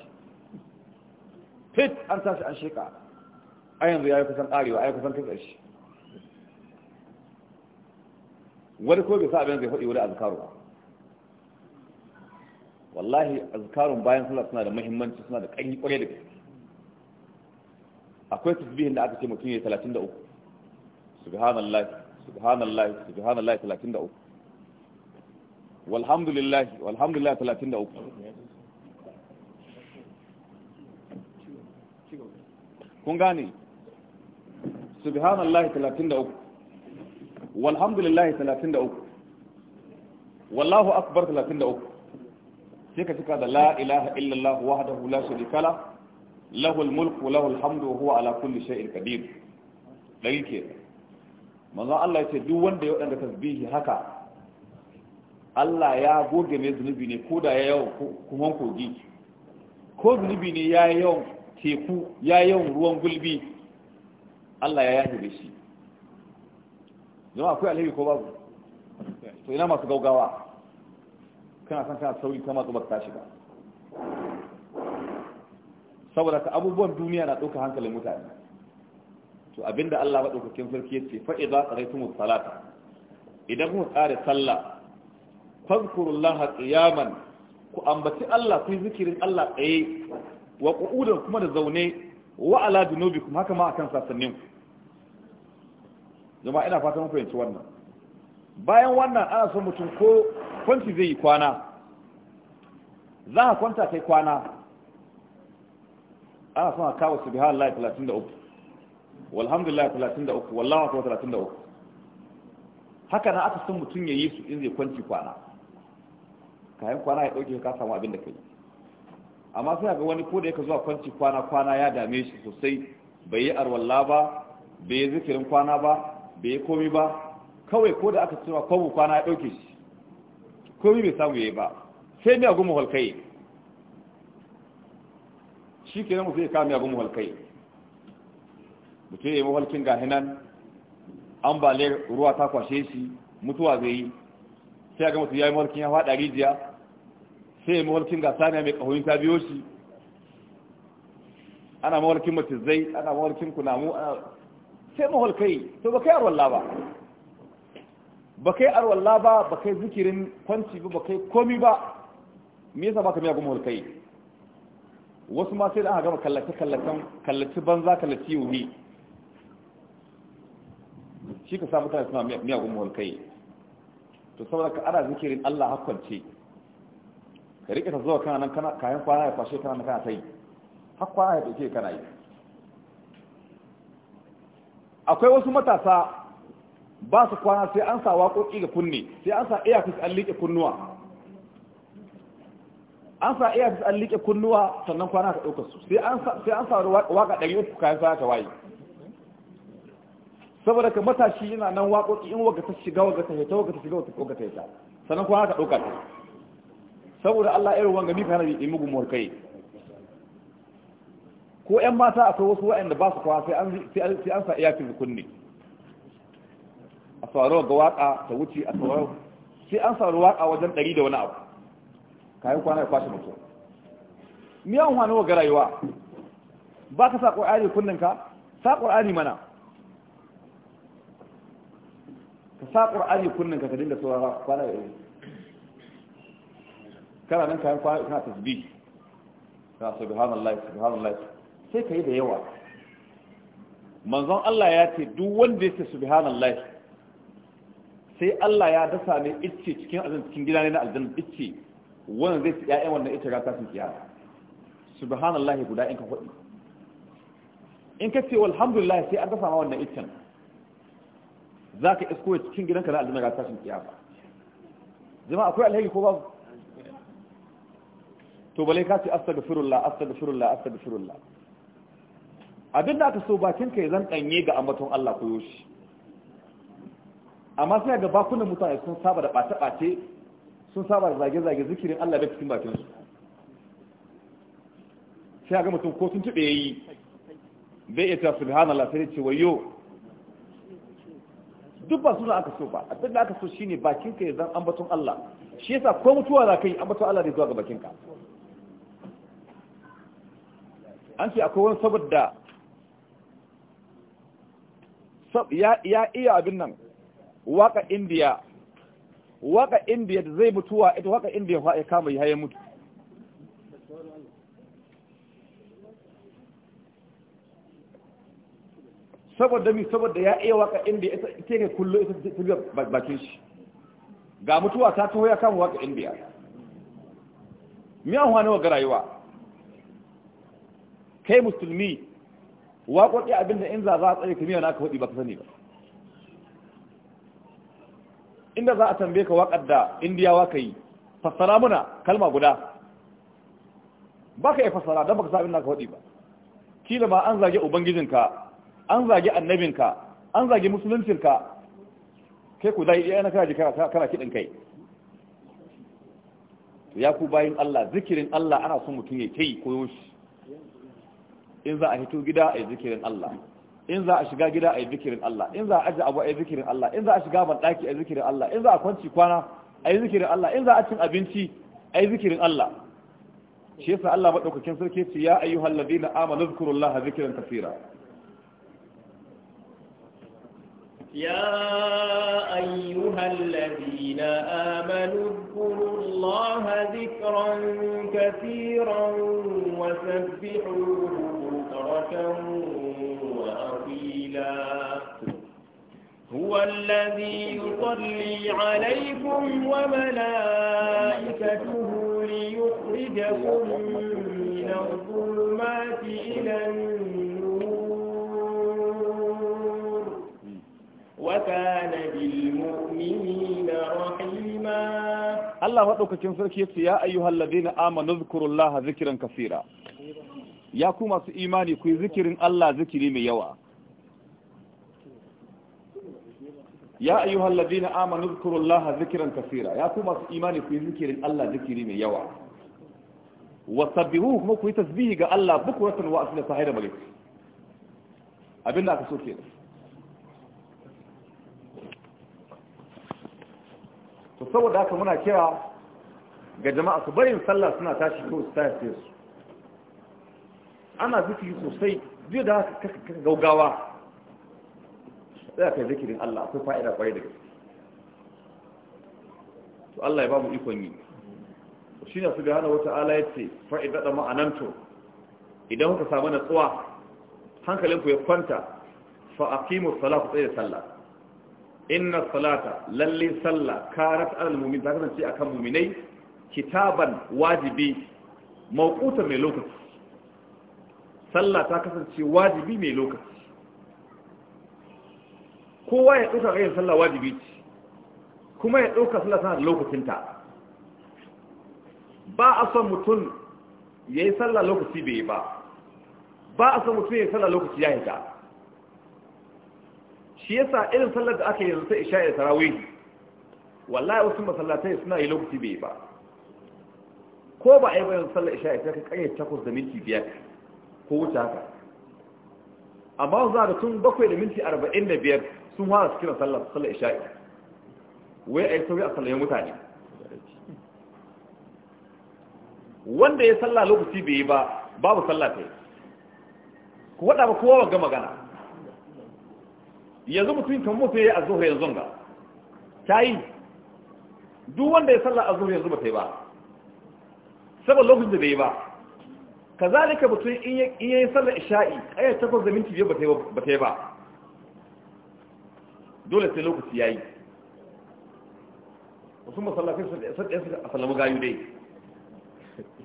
fit an tashi an sheka a yanzu ya yi kusan karewa a yi kusan kai tsarshi wani ko bai sa abin zai faɗi wani azkaru ba wallahi azkarun bayan sallah suna da muhimmanci suna da ƙanyi ƙwarai da gaske akwai tasbihin da aka ce mutum ya yi 33 subhanallah subhanallah subhanallah 33 walhamdulillah walhamdulillah 33 kun gane subhanallah 33 walhamdulillah 33 wallahu akbar 33 sai ka cika da la ilaha illallah wahdahu la sharika la lahu al-mulku lahu al-hamdu wa huwa ala kulli shay'in qadir dai kenan manzon Allah yace duk wanda ya waɗanda tasbihi haka Allah ya goge mai zunubi ne ko da ya yawan kuman kogi ko zunubi ne ya yawan teku ya yawan ruwan gulbi Allah ya yafe shi zama akwai alheri ko babu to ina masu gaugawa kana san kana sauri kama zubar ta shiga saboda ka abubuwan duniya na ɗaukar hankalin mutane to abinda Allah madaukakin sarki yace fa idza qaraytumus salata idan ku tsare sallah fadhkurullaha qiyaman ku ambaci Allah ku zikirin Allah tsaye wa qu'udan kuma da zaune wa ala dunubikum haka ma akan sasannin ku jama'a ina fatan ku yanci wannan bayan wannan ana son mutum ko kwanci zai yi kwana za a kwanta kai kwana ana son a kawo subhanallahi 33 walhamdulillah 33 talatin da uku haka na aka san mutum ya yi su in zai kwanci kwana kayan kwana ya dauke ka samu abin da yi amma sai ga wani ko da yake zuwa kwanci kwana kwana ya dame shi sosai bai yi arwalla ba bai yi zikirin kwana ba bai yi komi ba kawai ko da aka cewa kwabu kwana ya dauke shi komi bai samu ya yi ba sai miyagun mahalkai shi ke nan mutum ya kawo miyagun mahalkai mutum ya yi mafalkin gahi nan ambaliyar ruwa ta kwashe shi mutuwa zai yi sai ga mutum ya yi mafalkin ya faɗa rijiya sai ya yi mafalkin gasa ne mai ƙahoyin ta biyo shi ana mafalkin matizai ana mafalkin kunamu sai mafalkai to ba kai arwalla ba ba kai arwalla ba ba kai zikirin kwanci ba ba kai komi ba me yasa baka miyagun mafalkai wasu ma sai da aka gama kallace kallacen kallaci banza kallaci yuhi shi ka sa mutane suna miyagun mulkai to saboda ka ana zikirin Allah hakkance ka riƙe ta zuwa kana nan kayan kwana ya fashe kana kana ta yi har ya ɗauke kana yi akwai wasu matasa ba su kwana sai an sa waƙoƙi ga kunne sai an sa iyakis an liƙe kunnuwa an sa iyakis an liƙe kunnuwa sannan kwana ka ɗaukar su sai an sa waƙa ɗari uku kayan sa ta waye saboda ka matashi yana nan waƙoƙi in waga ta shiga waga ta hita waga ta shiga waga ta hita sannan kuma haka ɗauka ta saboda Allah ya ruwan wanga mika hana yi mugun kai ko ƴan mata akwai wasu da ba su kwa sai an sa iyakin kunne a sauraro ga waƙa ta wuce a sauraro sai an sauraro waƙa wajen ɗari da wani abu kayan kwana ya kwashe mutum miyan wani wa ga rayuwa ba ka sa kunnen kunninka sa ƙwa'ani mana ka sa qur'ani kunnen ka dinga saurara kwana da yau kana nan kayan kwana kana tasbih ka subhanallahi subhanallahi sai ka yi da yawa manzon Allah ya ce duk wanda ya ce yake subhanallahi sai Allah ya dasa ne icce cikin azan cikin gida ne na aljanna icce wannan zai ci ƴaƴan wannan icce ga kasin kiyama subhanallahi guda in ka hudi in ka ce walhamdulillah sai an dasa ma wannan iccen za ka isko ya cikin gidanka na aljanna ga tashin kiyama jama'a akwai alheri ko babu to bale ka ce astaghfirullah astaghfirullah astaghfirullah abin da aka so bakin ka zan danye ga ambaton Allah ko yoshi amma sai ga bakunan mutane sun saba da bace-bace sun saba da zage-zage zikirin Allah da cikin bakin su sai ga mutum ko sun tube yi bai ita subhanallah sai ce wayo duk ba suna aka so ba abin da aka so shine bakinka ya zan ambaton Allah shi yasa ko mutuwa za ka yi ambaton Allah da zuwa ga bakinka an ce akwai wani saboda ya iya abin nan waka indiya waka indiya da zai mutuwa ita waka indiya ya kama ya mutu saboda mi saboda ya iya waka inda ya ce ne kullu ita biya bakin shi ga mutuwa ta taho ya kama waka indiya Miya an hwani ga rayuwa kai musulmi waƙoƙi abinda in za a tsare ka miya na ka hudi ba ka sani ba inda za a tambaye ka waƙar da indiyawa ka yi fassara muna kalma guda ba ka yi fassara don ba ka sa abin na ka hudi ba kila ma an zage ubangijinka an zagi annabinka an zagi musuluncinka kai ku zai yana eh, kana jikara kana kiɗin kai to ya ku bayin Allah zikirin Allah ana son mutum ya kai koyo shi in za a hito gida a yi zikirin Allah in za a shiga gida a yi zikirin Allah in za a aji abu a yi zikirin Allah in za a shiga ban ɗaki a yi zikirin Allah in za a kwanci kwana a yi zikirin Allah in za a cin abinci a yi zikirin Allah shi yasa Allah maɗaukakin sarki ya ayyuhal ladina amanu zkurullaha zikran kaseera يا أيها الذين آمنوا اذكروا الله ذكرا كثيرا وسبحوه بكرة وأصيلا هو الذي يصلي عليكم وملائكته ليخرجكم من الظلمات إلى النور وكان بالمؤمنين رحيما الله ودوكاكين سركي يا ايها الذين امنوا اذكروا الله ذكرا كثيرا يا ku masu imani ku zikirin Allah zikiri mai yawa ya ayyuhal ladina amanu dhkurullaha dhikran kaseera ya ku masu imani ku zikirin Allah zikiri mai yawa wasabbihu kuma kuyi tasbihi ga Allah bukuratan wa abinda aka so to saboda haka muna kira ga jama'a su barin sallah suna tashi ko su tashi su ana zikiri sosai biyu da haka gaugawa sai aka zikirin Allah akwai fa'ida kwarai da gaske to Allah ya ba mu ikon yi shi ne su gane wata ala ya ce fa'ida da to idan kuka samu natsuwa hankalinku ya kwanta fa aqimu salatu tsaye sallah inna salata lalle sallah karat alal mu'min ta kasance akan mu'minai kitaban wajibi mawquta mai lokaci sallah ta kasance wajibi mai lokaci kowa ya dauka yin sallah wajibi ce kuma ya dauka sallah tana da lokacinta ba a son mutum yayi sallah lokaci bai ba ba a son mutum yayi sallah lokaci ya hita shi yasa irin sallar da aka yi yanzu ta isha da tarawih wallahi wasu masallatai suna yi lokaci bai ba ko ba a yi bayan sallar isha ta kai kanyar takwas da minti biyar ko wuce haka amma za da tun bakwai da minti arba'in da biyar sun hana su kira sallar sallar isha wai a yi sauri a sallayen mutane wanda ya salla lokaci bai yi ba babu sallar ta yi ku waɗa ba kowa ga magana yanzu mutum kan mutu ya yi azuhar yanzu ga ta yi duk wanda ya sallar azuhar yanzu ba ta yi ba saboda lokacin da bai yi ba ka zalika mutum in yi sallar isha'i a takwas da minti biyar ba ta yi ba dole sai lokaci ya yi wasu masallafin sun ɗaya a salamu gayu dai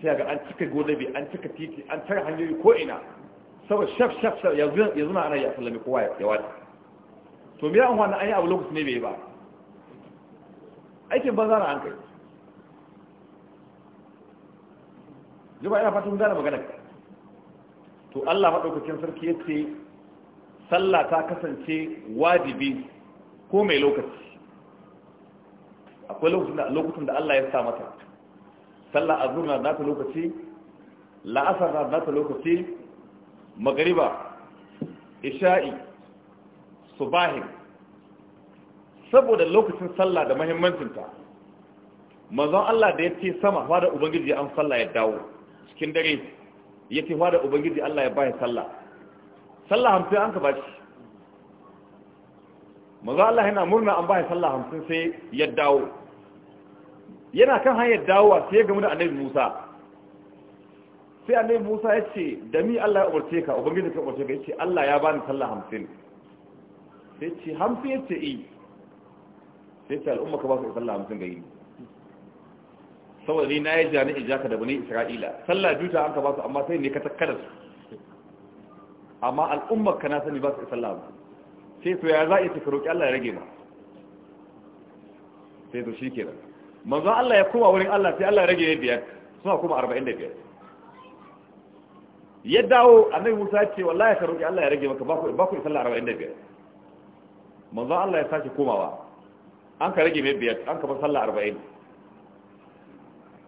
sai ga an cika godabi an cika titi an cika hanyoyi ko ina saboda shaf shaf shaf yanzu na ana yi asalami kowa ya wata to me an wani an yi abu lokaci ne bai ba aikin banza na an kai zuba ina fatan gane magana to Allah maɗaukacin sarki ya ce sallah ta kasance wajibi ko mai lokaci akwai lokacin da Allah ya sa mata sallah Azur na da lokaci la'asar na da lokaci magariba isha'i subahin saboda lokacin sallah da mahimmancinta manzon Allah da ya ce sama fada ubangiji an sallah ya dawo cikin dare ya ce fada ubangiji Allah ya bayan sallah sallah hamsin an ka shi manzon Allah yana murna an bayan sallah hamsin sai ya dawo yana kan hanyar dawowa sai ya gamu da annabi Musa sai annabi Musa ya ce da mi Allah ya umarce ka ubangiji ka umarce ka ya ce Allah ya bani sallah hamsin sai ce hamsin ya ce i eh. sai ce al'umma ka ba su sallah hamsin ga yi saboda ni na yi jami'in jaka da bani isra'ila sallah biyu ta an ka ba su amma sai ne ka takkada su amma al'umma ka na sani ba su sallah hamsin sai to ya za a yi roƙi Allah ya rage ba sai to shi nan manzan Allah ya koma wurin Allah sai Allah ya rage ya biyar suna kuma arba'in da biyar ya dawo annabi Musa ya ce wallahi ka roƙi Allah ya rage maka ba ku yi sallah arba'in da biyar manzo Allah ya sake komawa an ka rage mai biyar an ka bar sallah arba'in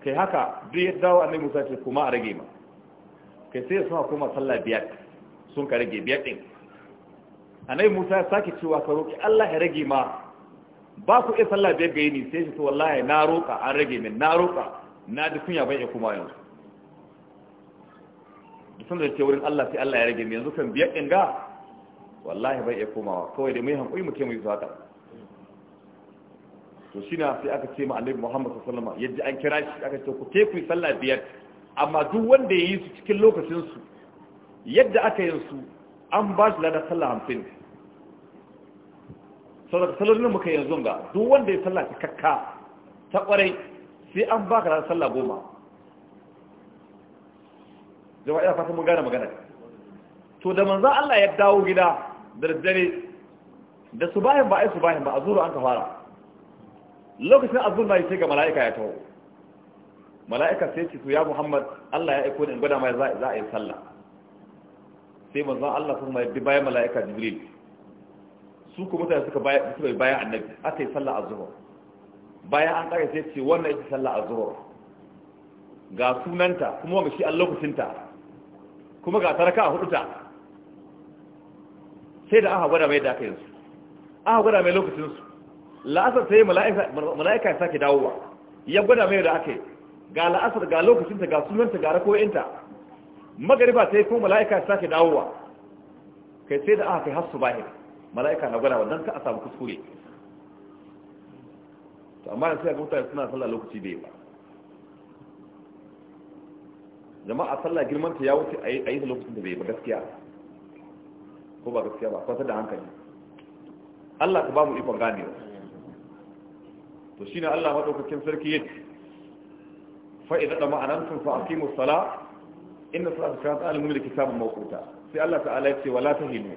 kai haka duk ya dawo annabi Musa ce kuma a rage ma kai sai suna koma sallah biyar sun ka rage biyar din annabi Musa ya sake cewa ka roki Allah ya rage ma ba ku iya sallah biyar gare ni sai shi to wallahi na roka an rage min na roka na ji kunya ban iya kuma yanzu da sun da ce wurin Allah sai Allah ya rage min yanzu kan biyar din ga wallahi bai iya komawa kawai da mai hankali mu taimaki zuwa ta to shi na sai aka ce ma annabi muhammad sallama yadda an kira shi aka ce ku te ku yi sallah biyar amma duk wanda ya yi su cikin lokacinsu yadda aka yi su an ba shi ladar sallah hamsin sau daga nan muka yanzu ga duk wanda ya sallah kakka ta kwarai sai an ba ka ladar sallah goma jama'a ya fata mun gane magana to da manzan Allah ya dawo gida da daddare da su bayan ba a yi su bayan ba a zuru an ka fara lokacin azur na yi sai ga mala'ika ya taho mala'ika sai ce to ya muhammad allah ya aiko ne in gwada mai za a yi sallah sai manzon allah sun mai bi bayan mala'ika jibril su kuma mutane suka yi bayan annabi aka yi sallah azur bayan an ƙara sai ce wannan ita sallah azur ga sunanta kuma wanga shi a lokacin ta kuma ga taraka a hudu ta sai da aka gwada mai da aka aka gwada mai lokacinsu la'asar sai mala'ika ya sake dawowa ya gwada mai da aka ga la'asar ga lokacinta ga sunanta ga rakoyinta magariba sai ko mala'ika ya sake dawowa kai sai da aka kai hasu bahir mala'ika na gwada wannan ka a samu kuskure to amma sai ga mutane suna sallah lokaci bai ba jama'a sallah girman ta ya wuce a yi lokacin da bai ba gaskiya ko ba gaskiya ba kwata da hankali Allah ka ba mu ikon ganewa to shine Allah madaukakin sarki yace fa idza dama anantum fa aqimus sala inna salata kanat alal mu'minina kitaban mawquta sai Allah ta'ala yace wala tahinu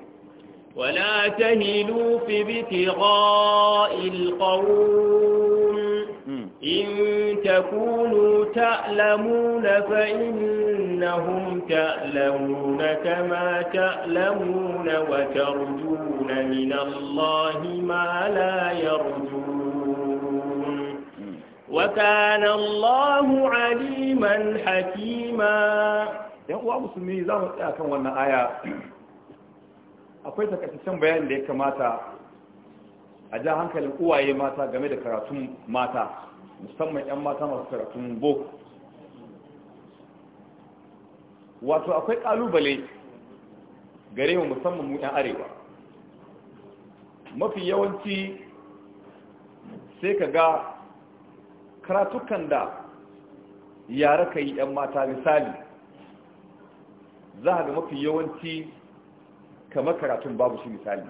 wala tahinu fi bitigha'il qawm إن تكونوا تعلمون فإنهم تعلمون كما تعلمون وترجون من الله ما لا يرجون وكان الله عليما حكيما يقوى مسلمي زامن أكون وانا آية akwai takaitaccen bayanin da ya kamata a ja hankalin uwaye mata game da karatun mata musamman 'yan mata masu karatun boko wato akwai ƙalubale gare mu musamman mu 'yan arewa mafi yawanci sai ka ga karatukan da yara ka yi 'yan mata misali za ga mafi yawanci kamar karatun babu shi misali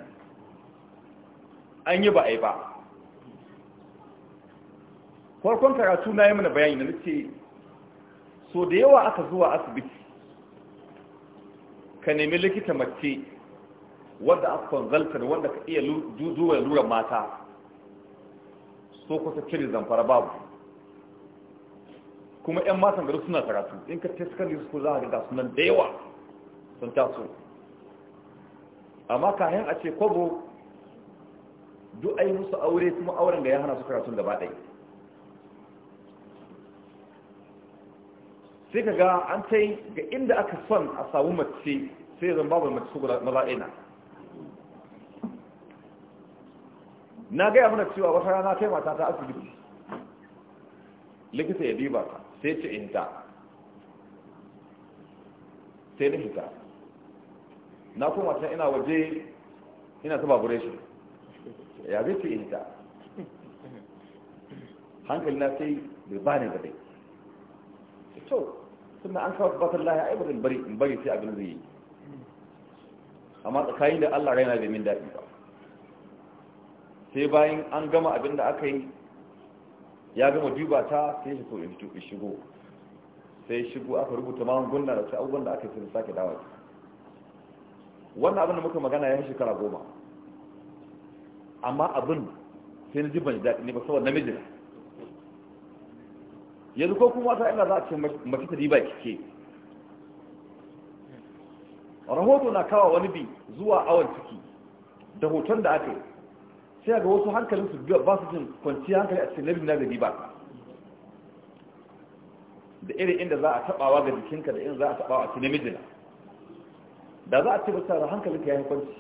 an yi ba a yi ba farkon karatu na yi mana bayani na nace so da yawa aka zuwa asibiti ka nemi likita mace wadda aka da wanda ka iya zuwa lura mata so kusa cire zamfara babu kuma 'yan matan gari suna karatu in ka ce nisa ko za a ga sunan da yawa sun taso amma kayan a ce kwabo duk yi musu aure kuma auren da ya hana su karatun gaba ɗaya sai ka ga an ta yi ga inda aka son a samu mace sai zan babu mace su maza'ina na gaya mana cewa wata rana yi mata ta asibiti likita ya diba ta sai ce in ta sai na hita na kuma can ina waje ina ta babu shi ya zai ce in ta hankali na sai bai ba ne ga dai tunda an kawo tabbatar lahi ai bazan bari in bari sai abin zai yi amma tsakanin da Allah raina bai min daɗi ba sai bayan an gama abin da aka yi ya gama duba ta sai shi so in shigo sai shigo aka rubuta magunguna da sai abubuwan da aka yi sai sake dawo wannan abin da muka magana ya shekara goma amma abin sai na ji ban daɗi ne ba saboda namijin yanzu ko kuma ta ina za a ce mace ta riba kike rahoto na kawo wani bi zuwa awon ciki da hoton da aka yi sai ga wasu hankalin su ba su jin kwanciya hankali a cikin labin na da riba da irin inda za a tabawa ga jikinka da irin za a tabawa a cikin namijina da za a ce bata da hankalinka ka yi kwanci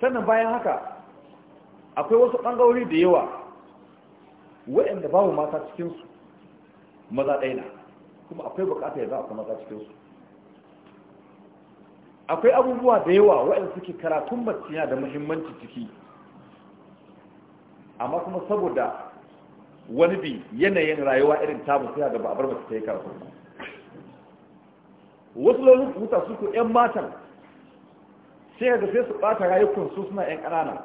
sannan bayan haka akwai wasu ɓangarori da yawa waɗanda babu mata cikinsu maza ɗaya na kuma akwai bukatar ya za a kuma maza cikinsu akwai abubuwa da yawa waɗanda suke karatun mace yana da muhimmanci ciki amma kuma saboda wani bi yanayin rayuwa irin tamu sai da ba a bar mace ta yi karatu wasu lokacin huta su 'yan matan sai ga sai su ɓata rayukansu suna 'yan ƙanana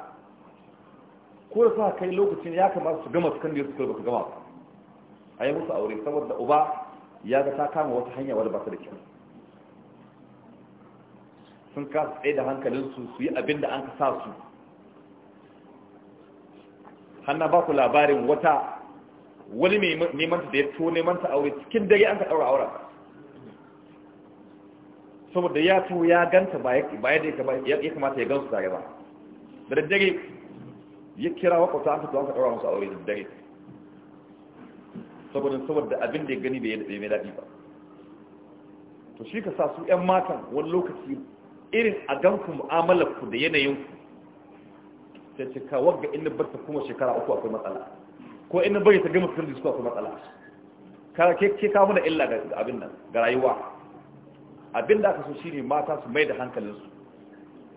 ko da suka kai lokacin ya kamata su gama su da su ba su gama ba a yi musu aure saboda uba ya ga ta kama wata hanya wadda ba ta da kyau sun kasa tsaye da hankalinsu su yi abin da an ka sa su hannan ba ku labarin wata wani nemanta da ya to nemanta aure cikin dare an ka ɗaura aura saboda ya to ya ganta ba ya kamata ya su tare ba da daddare ya kira wakwata aka tuwa ka ɗaura musu aure da dare saboda saboda abin da ya gani bai yi daɗi ba to shi ka sa su 'yan matan wani lokaci irin a ganku mu'amalarku da yanayinku sai ce ka wagga inda barta kuma shekara uku akwai matsala ko inda bari ta gama sirri su akwai matsala kara ke ke kawo illa ga abin nan ga rayuwa abin da aka so shine mata su mai da hankalinsu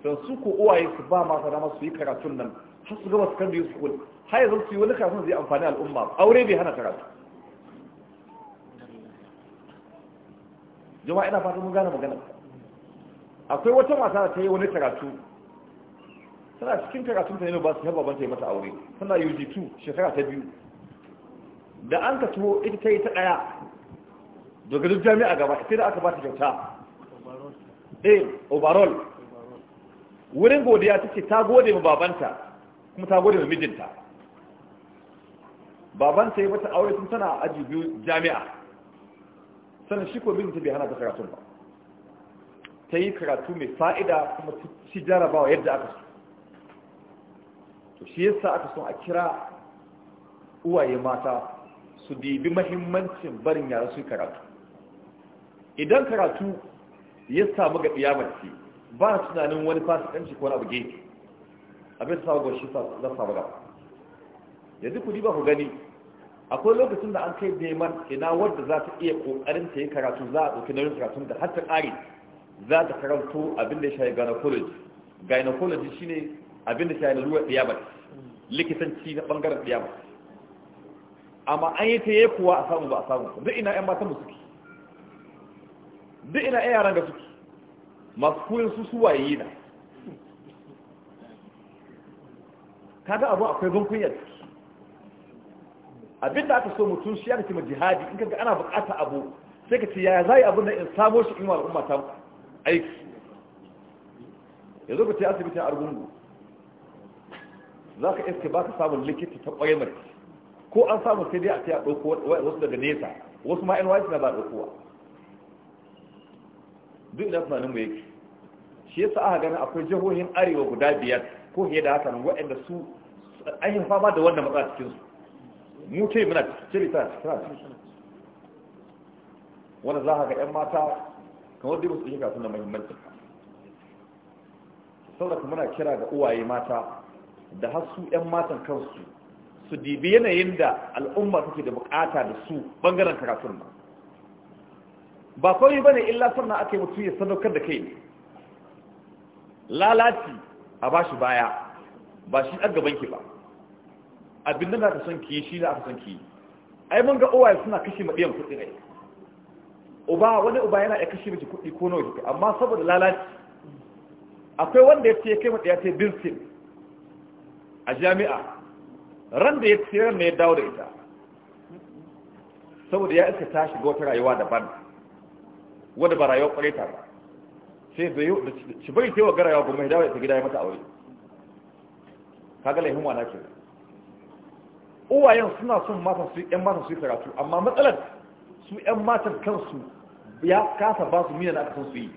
don su ko uwaye su ba mata dama su yi karatun nan har su da secondary school har yanzu su yi wani kafin zai amfani al'umma aure bai hana karatu jama'a ina fatan mun gane magana akwai wata mata ta yi wani karatu tana cikin karatun ta ne ba su yaba ban ta yi mata aure tana UG2 shekara ta biyu da an ka tuwo ita ta yi ta ɗaya daga duk jami'a gaba sai da aka ba ta kyauta eh overall wurin godiya ta ce ta gode ma babanta kuma ta gode da mijinta baban sai mata aure tun tana aji biyu jami'a sannan shi ko mijinta bai hana ta karatu ba ta yi karatu mai fa'ida kuma shi jarabawa yadda aka so to shi yasa aka so a kira uwaye mata su bibi mahimmancin barin yara su karatu idan karatu ya samu ga ɗiyamar ba tunanin wani fasikanci ko wani abu gefe abin sa shi za su samu yanzu ku ba ku gani akwai lokacin da an kai neman ina wadda za ta iya kokarin ta yi karatu za a ɗauki nauyin karatun da har ta ƙari za ta karanto abin da ya shayi gynecology gynecology ne abin da shayi lalurar ɗiyamar likitanci na ɓangaren ɗiyamar amma an yi ta yi kuwa a samu ba a samu duk ina 'yan matan suke duk ina 'yan yaran da suke masu koyon su su waye na kaga abu akwai Abin abinda aka so mutum shi ya kace jihadi in kaga ana bukata abu sai ka ce yaya zai abu na in samo shi in wa al'umma ta aiki yanzu ka ce asibitin argungu za ka iske ba ka samun likita ta ƙwayar ko an samu sai dai a ta a ɗauko wasu daga nesa wasu ma'in wasu na ba ɗaukowa duk da tunanin mu yake shi yasa aka gani akwai jihohin arewa guda biyar ko fiye da haka nan waɗanda su an yi fama da wannan matsa cikin su mu ce muna cire ta cikin su wanda za ka ga 'yan mata kamar dai musu shiga suna muhimmanci. saboda muna kira ga uwaye mata da har su 'yan matan kansu su dibi yanayin da al'umma take da bukata da su bangaren karatun ba ba kawai bane illa sannan aka yi mutu ya sadaukar da kai lalaci a ba shi baya ba shi ɗan gaban ki ba abin da aka son ki shi da aka son ki ai mun ga uwaye suna kashe maɗiyan kuɗi ne uba wani uba yana ya kashe miki kuɗi ko nawa amma saboda lalaci akwai wanda ya ce kai ma ɗaya ta birsin a jami'a ran da ya ce ran ne ya dawo da ita saboda ya iska tashi ga wata rayuwa daban wadda ba rayuwar ƙwareta ba sai bai shi bai sai wa garawa ba mai dawo ta gida ya mata aure kaga laifin na nake uwayen suna son matan su yan matan su yi karatu amma matsalar su yan matan kansu ya kasa ba su mina da aka san su yi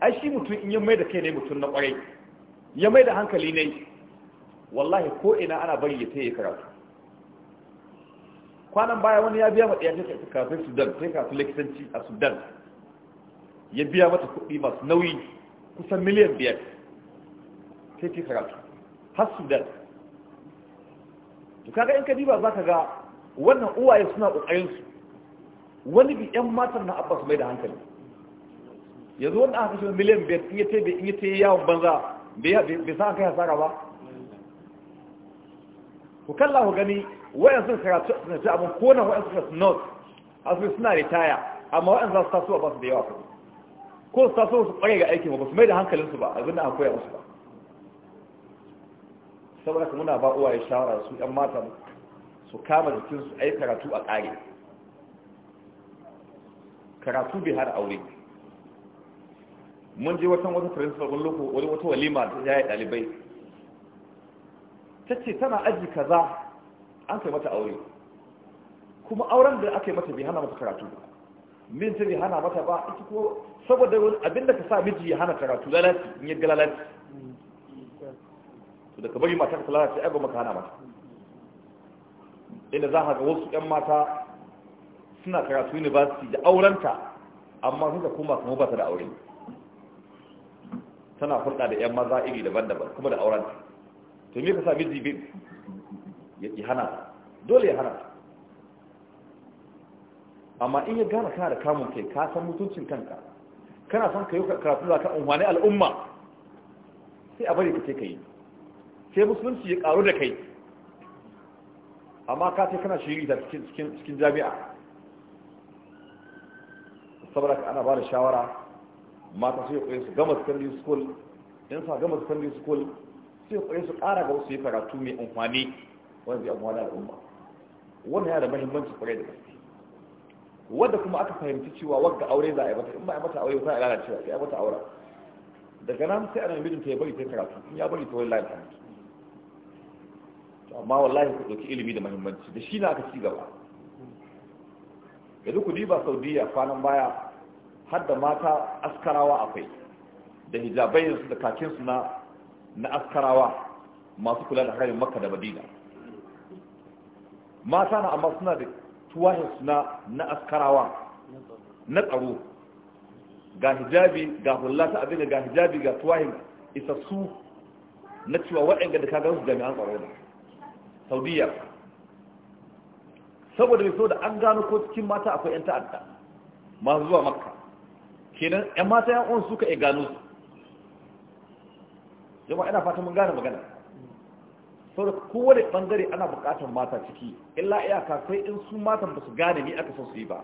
ai shi mutum in ya mai da kai ne mutum na kwarai ya mai da hankali ne wallahi ko ina ana bari ya ta yi karatu kwanan baya wani ya biya mata ya kai kafin sudan sai kafin likitanci a sudan ya biya mata kuɗi masu nauyi kusan miliyan biyar sai ta karatu har sudan to kaga in ka diba za ka ga wannan uwaye suna ƙoƙarinsu wani bi 'yan matan na abbas mai da hankali yanzu wanda aka kashe miliyan biyar in ya in yi yawon banza bai sa kai hasara ba ku kalla ku gani wayan sun karatu na ci abin ko nan wayan suka not asibi suna ritaya amma wayan za su taso ba su da yawa kuma ko su taso su kware ga aikin ba su mai da hankalinsu ba abin da an koya musu ba saboda kuma muna ba ya shawara su yan mata su kama jikinsu ai karatu a ƙare karatu bai hada aure mun je watan wata principal wani loko wani wata walima da yaya ɗalibai ta ce tana aji kaza an kai mata aure kuma auren da aka yi mata bai hana mata karatu ba min ta bai hana mata ba ita ko saboda wani abin da ka sa miji ya hana karatu lalaci in ya ga lalaci to da ka bari mata ka lalace ai ba maka hana mata inda za ka ga wasu ƴan mata suna karatu university da aurenta amma suka koma kuma ba ta da aure tana hulɗa da ƴan maza iri daban-daban kuma da aurenta to me ka sa miji ya hana dole ya hana amma in ya gane kana da kamun kai ka san mutuncin kanka kana son ka yi karatu za ka unhwani al'umma sai a bari ka ce ka yi sai musulunci ya karu da kai amma ka ce kana shiri da cikin jami'a saboda ka ana ba da shawara mata sai kwaye su gama secondary school in sa gama secondary school sai kwaye su kara ga wasu yi karatu mai amfani. wani bi amma al'umma wannan yana da mahimmanci kware da gaske wanda kuma aka fahimci cewa wanda aure za a yi mata in ba a mata aure ba a lalacewa sai a mata aure daga nan sai ana mijinta ya bari ta karatu in ya bari ta wani To amma wallahi ku ɗauki ilimi da mahimmanci da shi na aka ci gaba yanzu ku diba saudiya kwanan baya har da mata askarawa akwai da hijabai da kakinsu na na askarawa masu kula da harin makka da madina mata na amma suna da tuwahinsu na askarawa na tsaro ga hijabi ga ta abin ga hijabi ga tuwahin isassu na cewa waɗanda da kagarsu jami'an tsaro ne saudiya saboda mai so da an gano ko cikin mata akwai 'yan ta'adda masu zuwa makka kenan 'yan mata 'yan uwan suka iya gano su jama'a ina fata mun gane magana saboda kowane bangare ana bukatar mata ciki illa iyaka sai in su matan ba su gane ni aka son su yi ba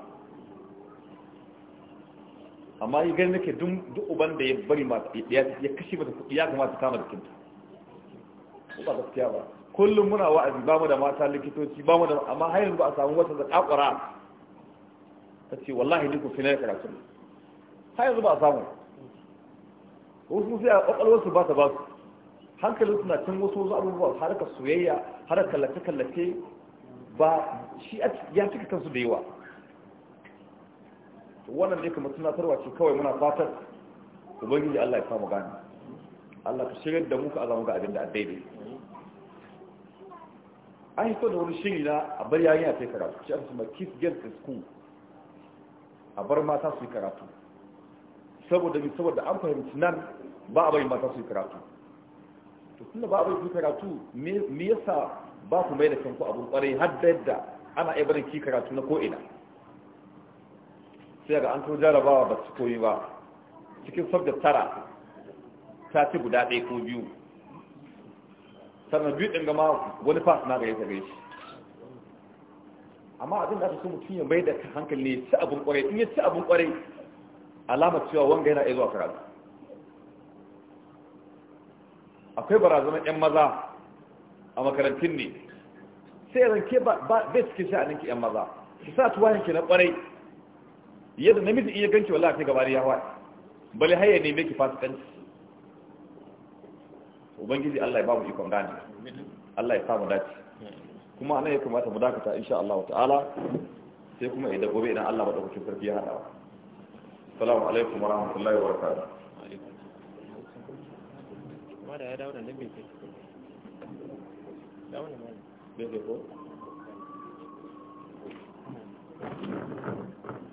amma yi gani nake duk uban da ya bari ya kashe mata kuɗi ya kamata kama da kinta ba gaskiya ba kullum muna wa'azi ba mu da mata likitoci ba mu da amma har yanzu ba a samu wata da kakura ta ce wallahi ni ku fi na karatu har yanzu ba a samu wasu sai a kwakwalwarsu ba ta ba su Hankali suna cin wasu wasu abubuwa harkar soyayya harkar kallace-kallace ba shi ya cika kansu da yawa wannan ne kama tunatarwa ce kawai muna fatar ubangiji Allah ya samu gani Allah ka shigar da muka azamu ga abin da daidai an hito da wani shiri na a bar yayin a kai karatu shi an suma kiss girls in school a bar mata su yi karatu saboda saboda an fahimci nan ba a bari mata su yi karatu to tunda ba abin karatu me yasa ba ku mai da kanku abun kwarai har da yadda ana iya barin ki karatu na ko'ina sai ga an to jarabawa ba su koyi ba cikin subject tara ta ci guda ɗaya ko biyu sannan biyu ɗin gama wani fas na gare ta shi amma abin da aka so mutum ya mai da hankali ne ci abun kwarai in ya ci abun kwarai alamar cewa wanga yana iya zuwa karatu akwai barazanar 'yan maza a makarantun ne sai ranke bai cikin ninki 'yan maza su sa yake na ƙwarai yadda namiji iya ganke wala kai gabar ya bali haya ne mai ki fasikanci ubangiji Allah ya ba mu ikon gane Allah ya samu dace kuma anan ya kamata mu dakata insha Allah ta'ala sai kuma idan gobe idan Allah ba daukakin sarki ya hada assalamu alaikum warahmatullahi wabarakatuh amma để đâu là da nan bai kai dawo da nan bai kai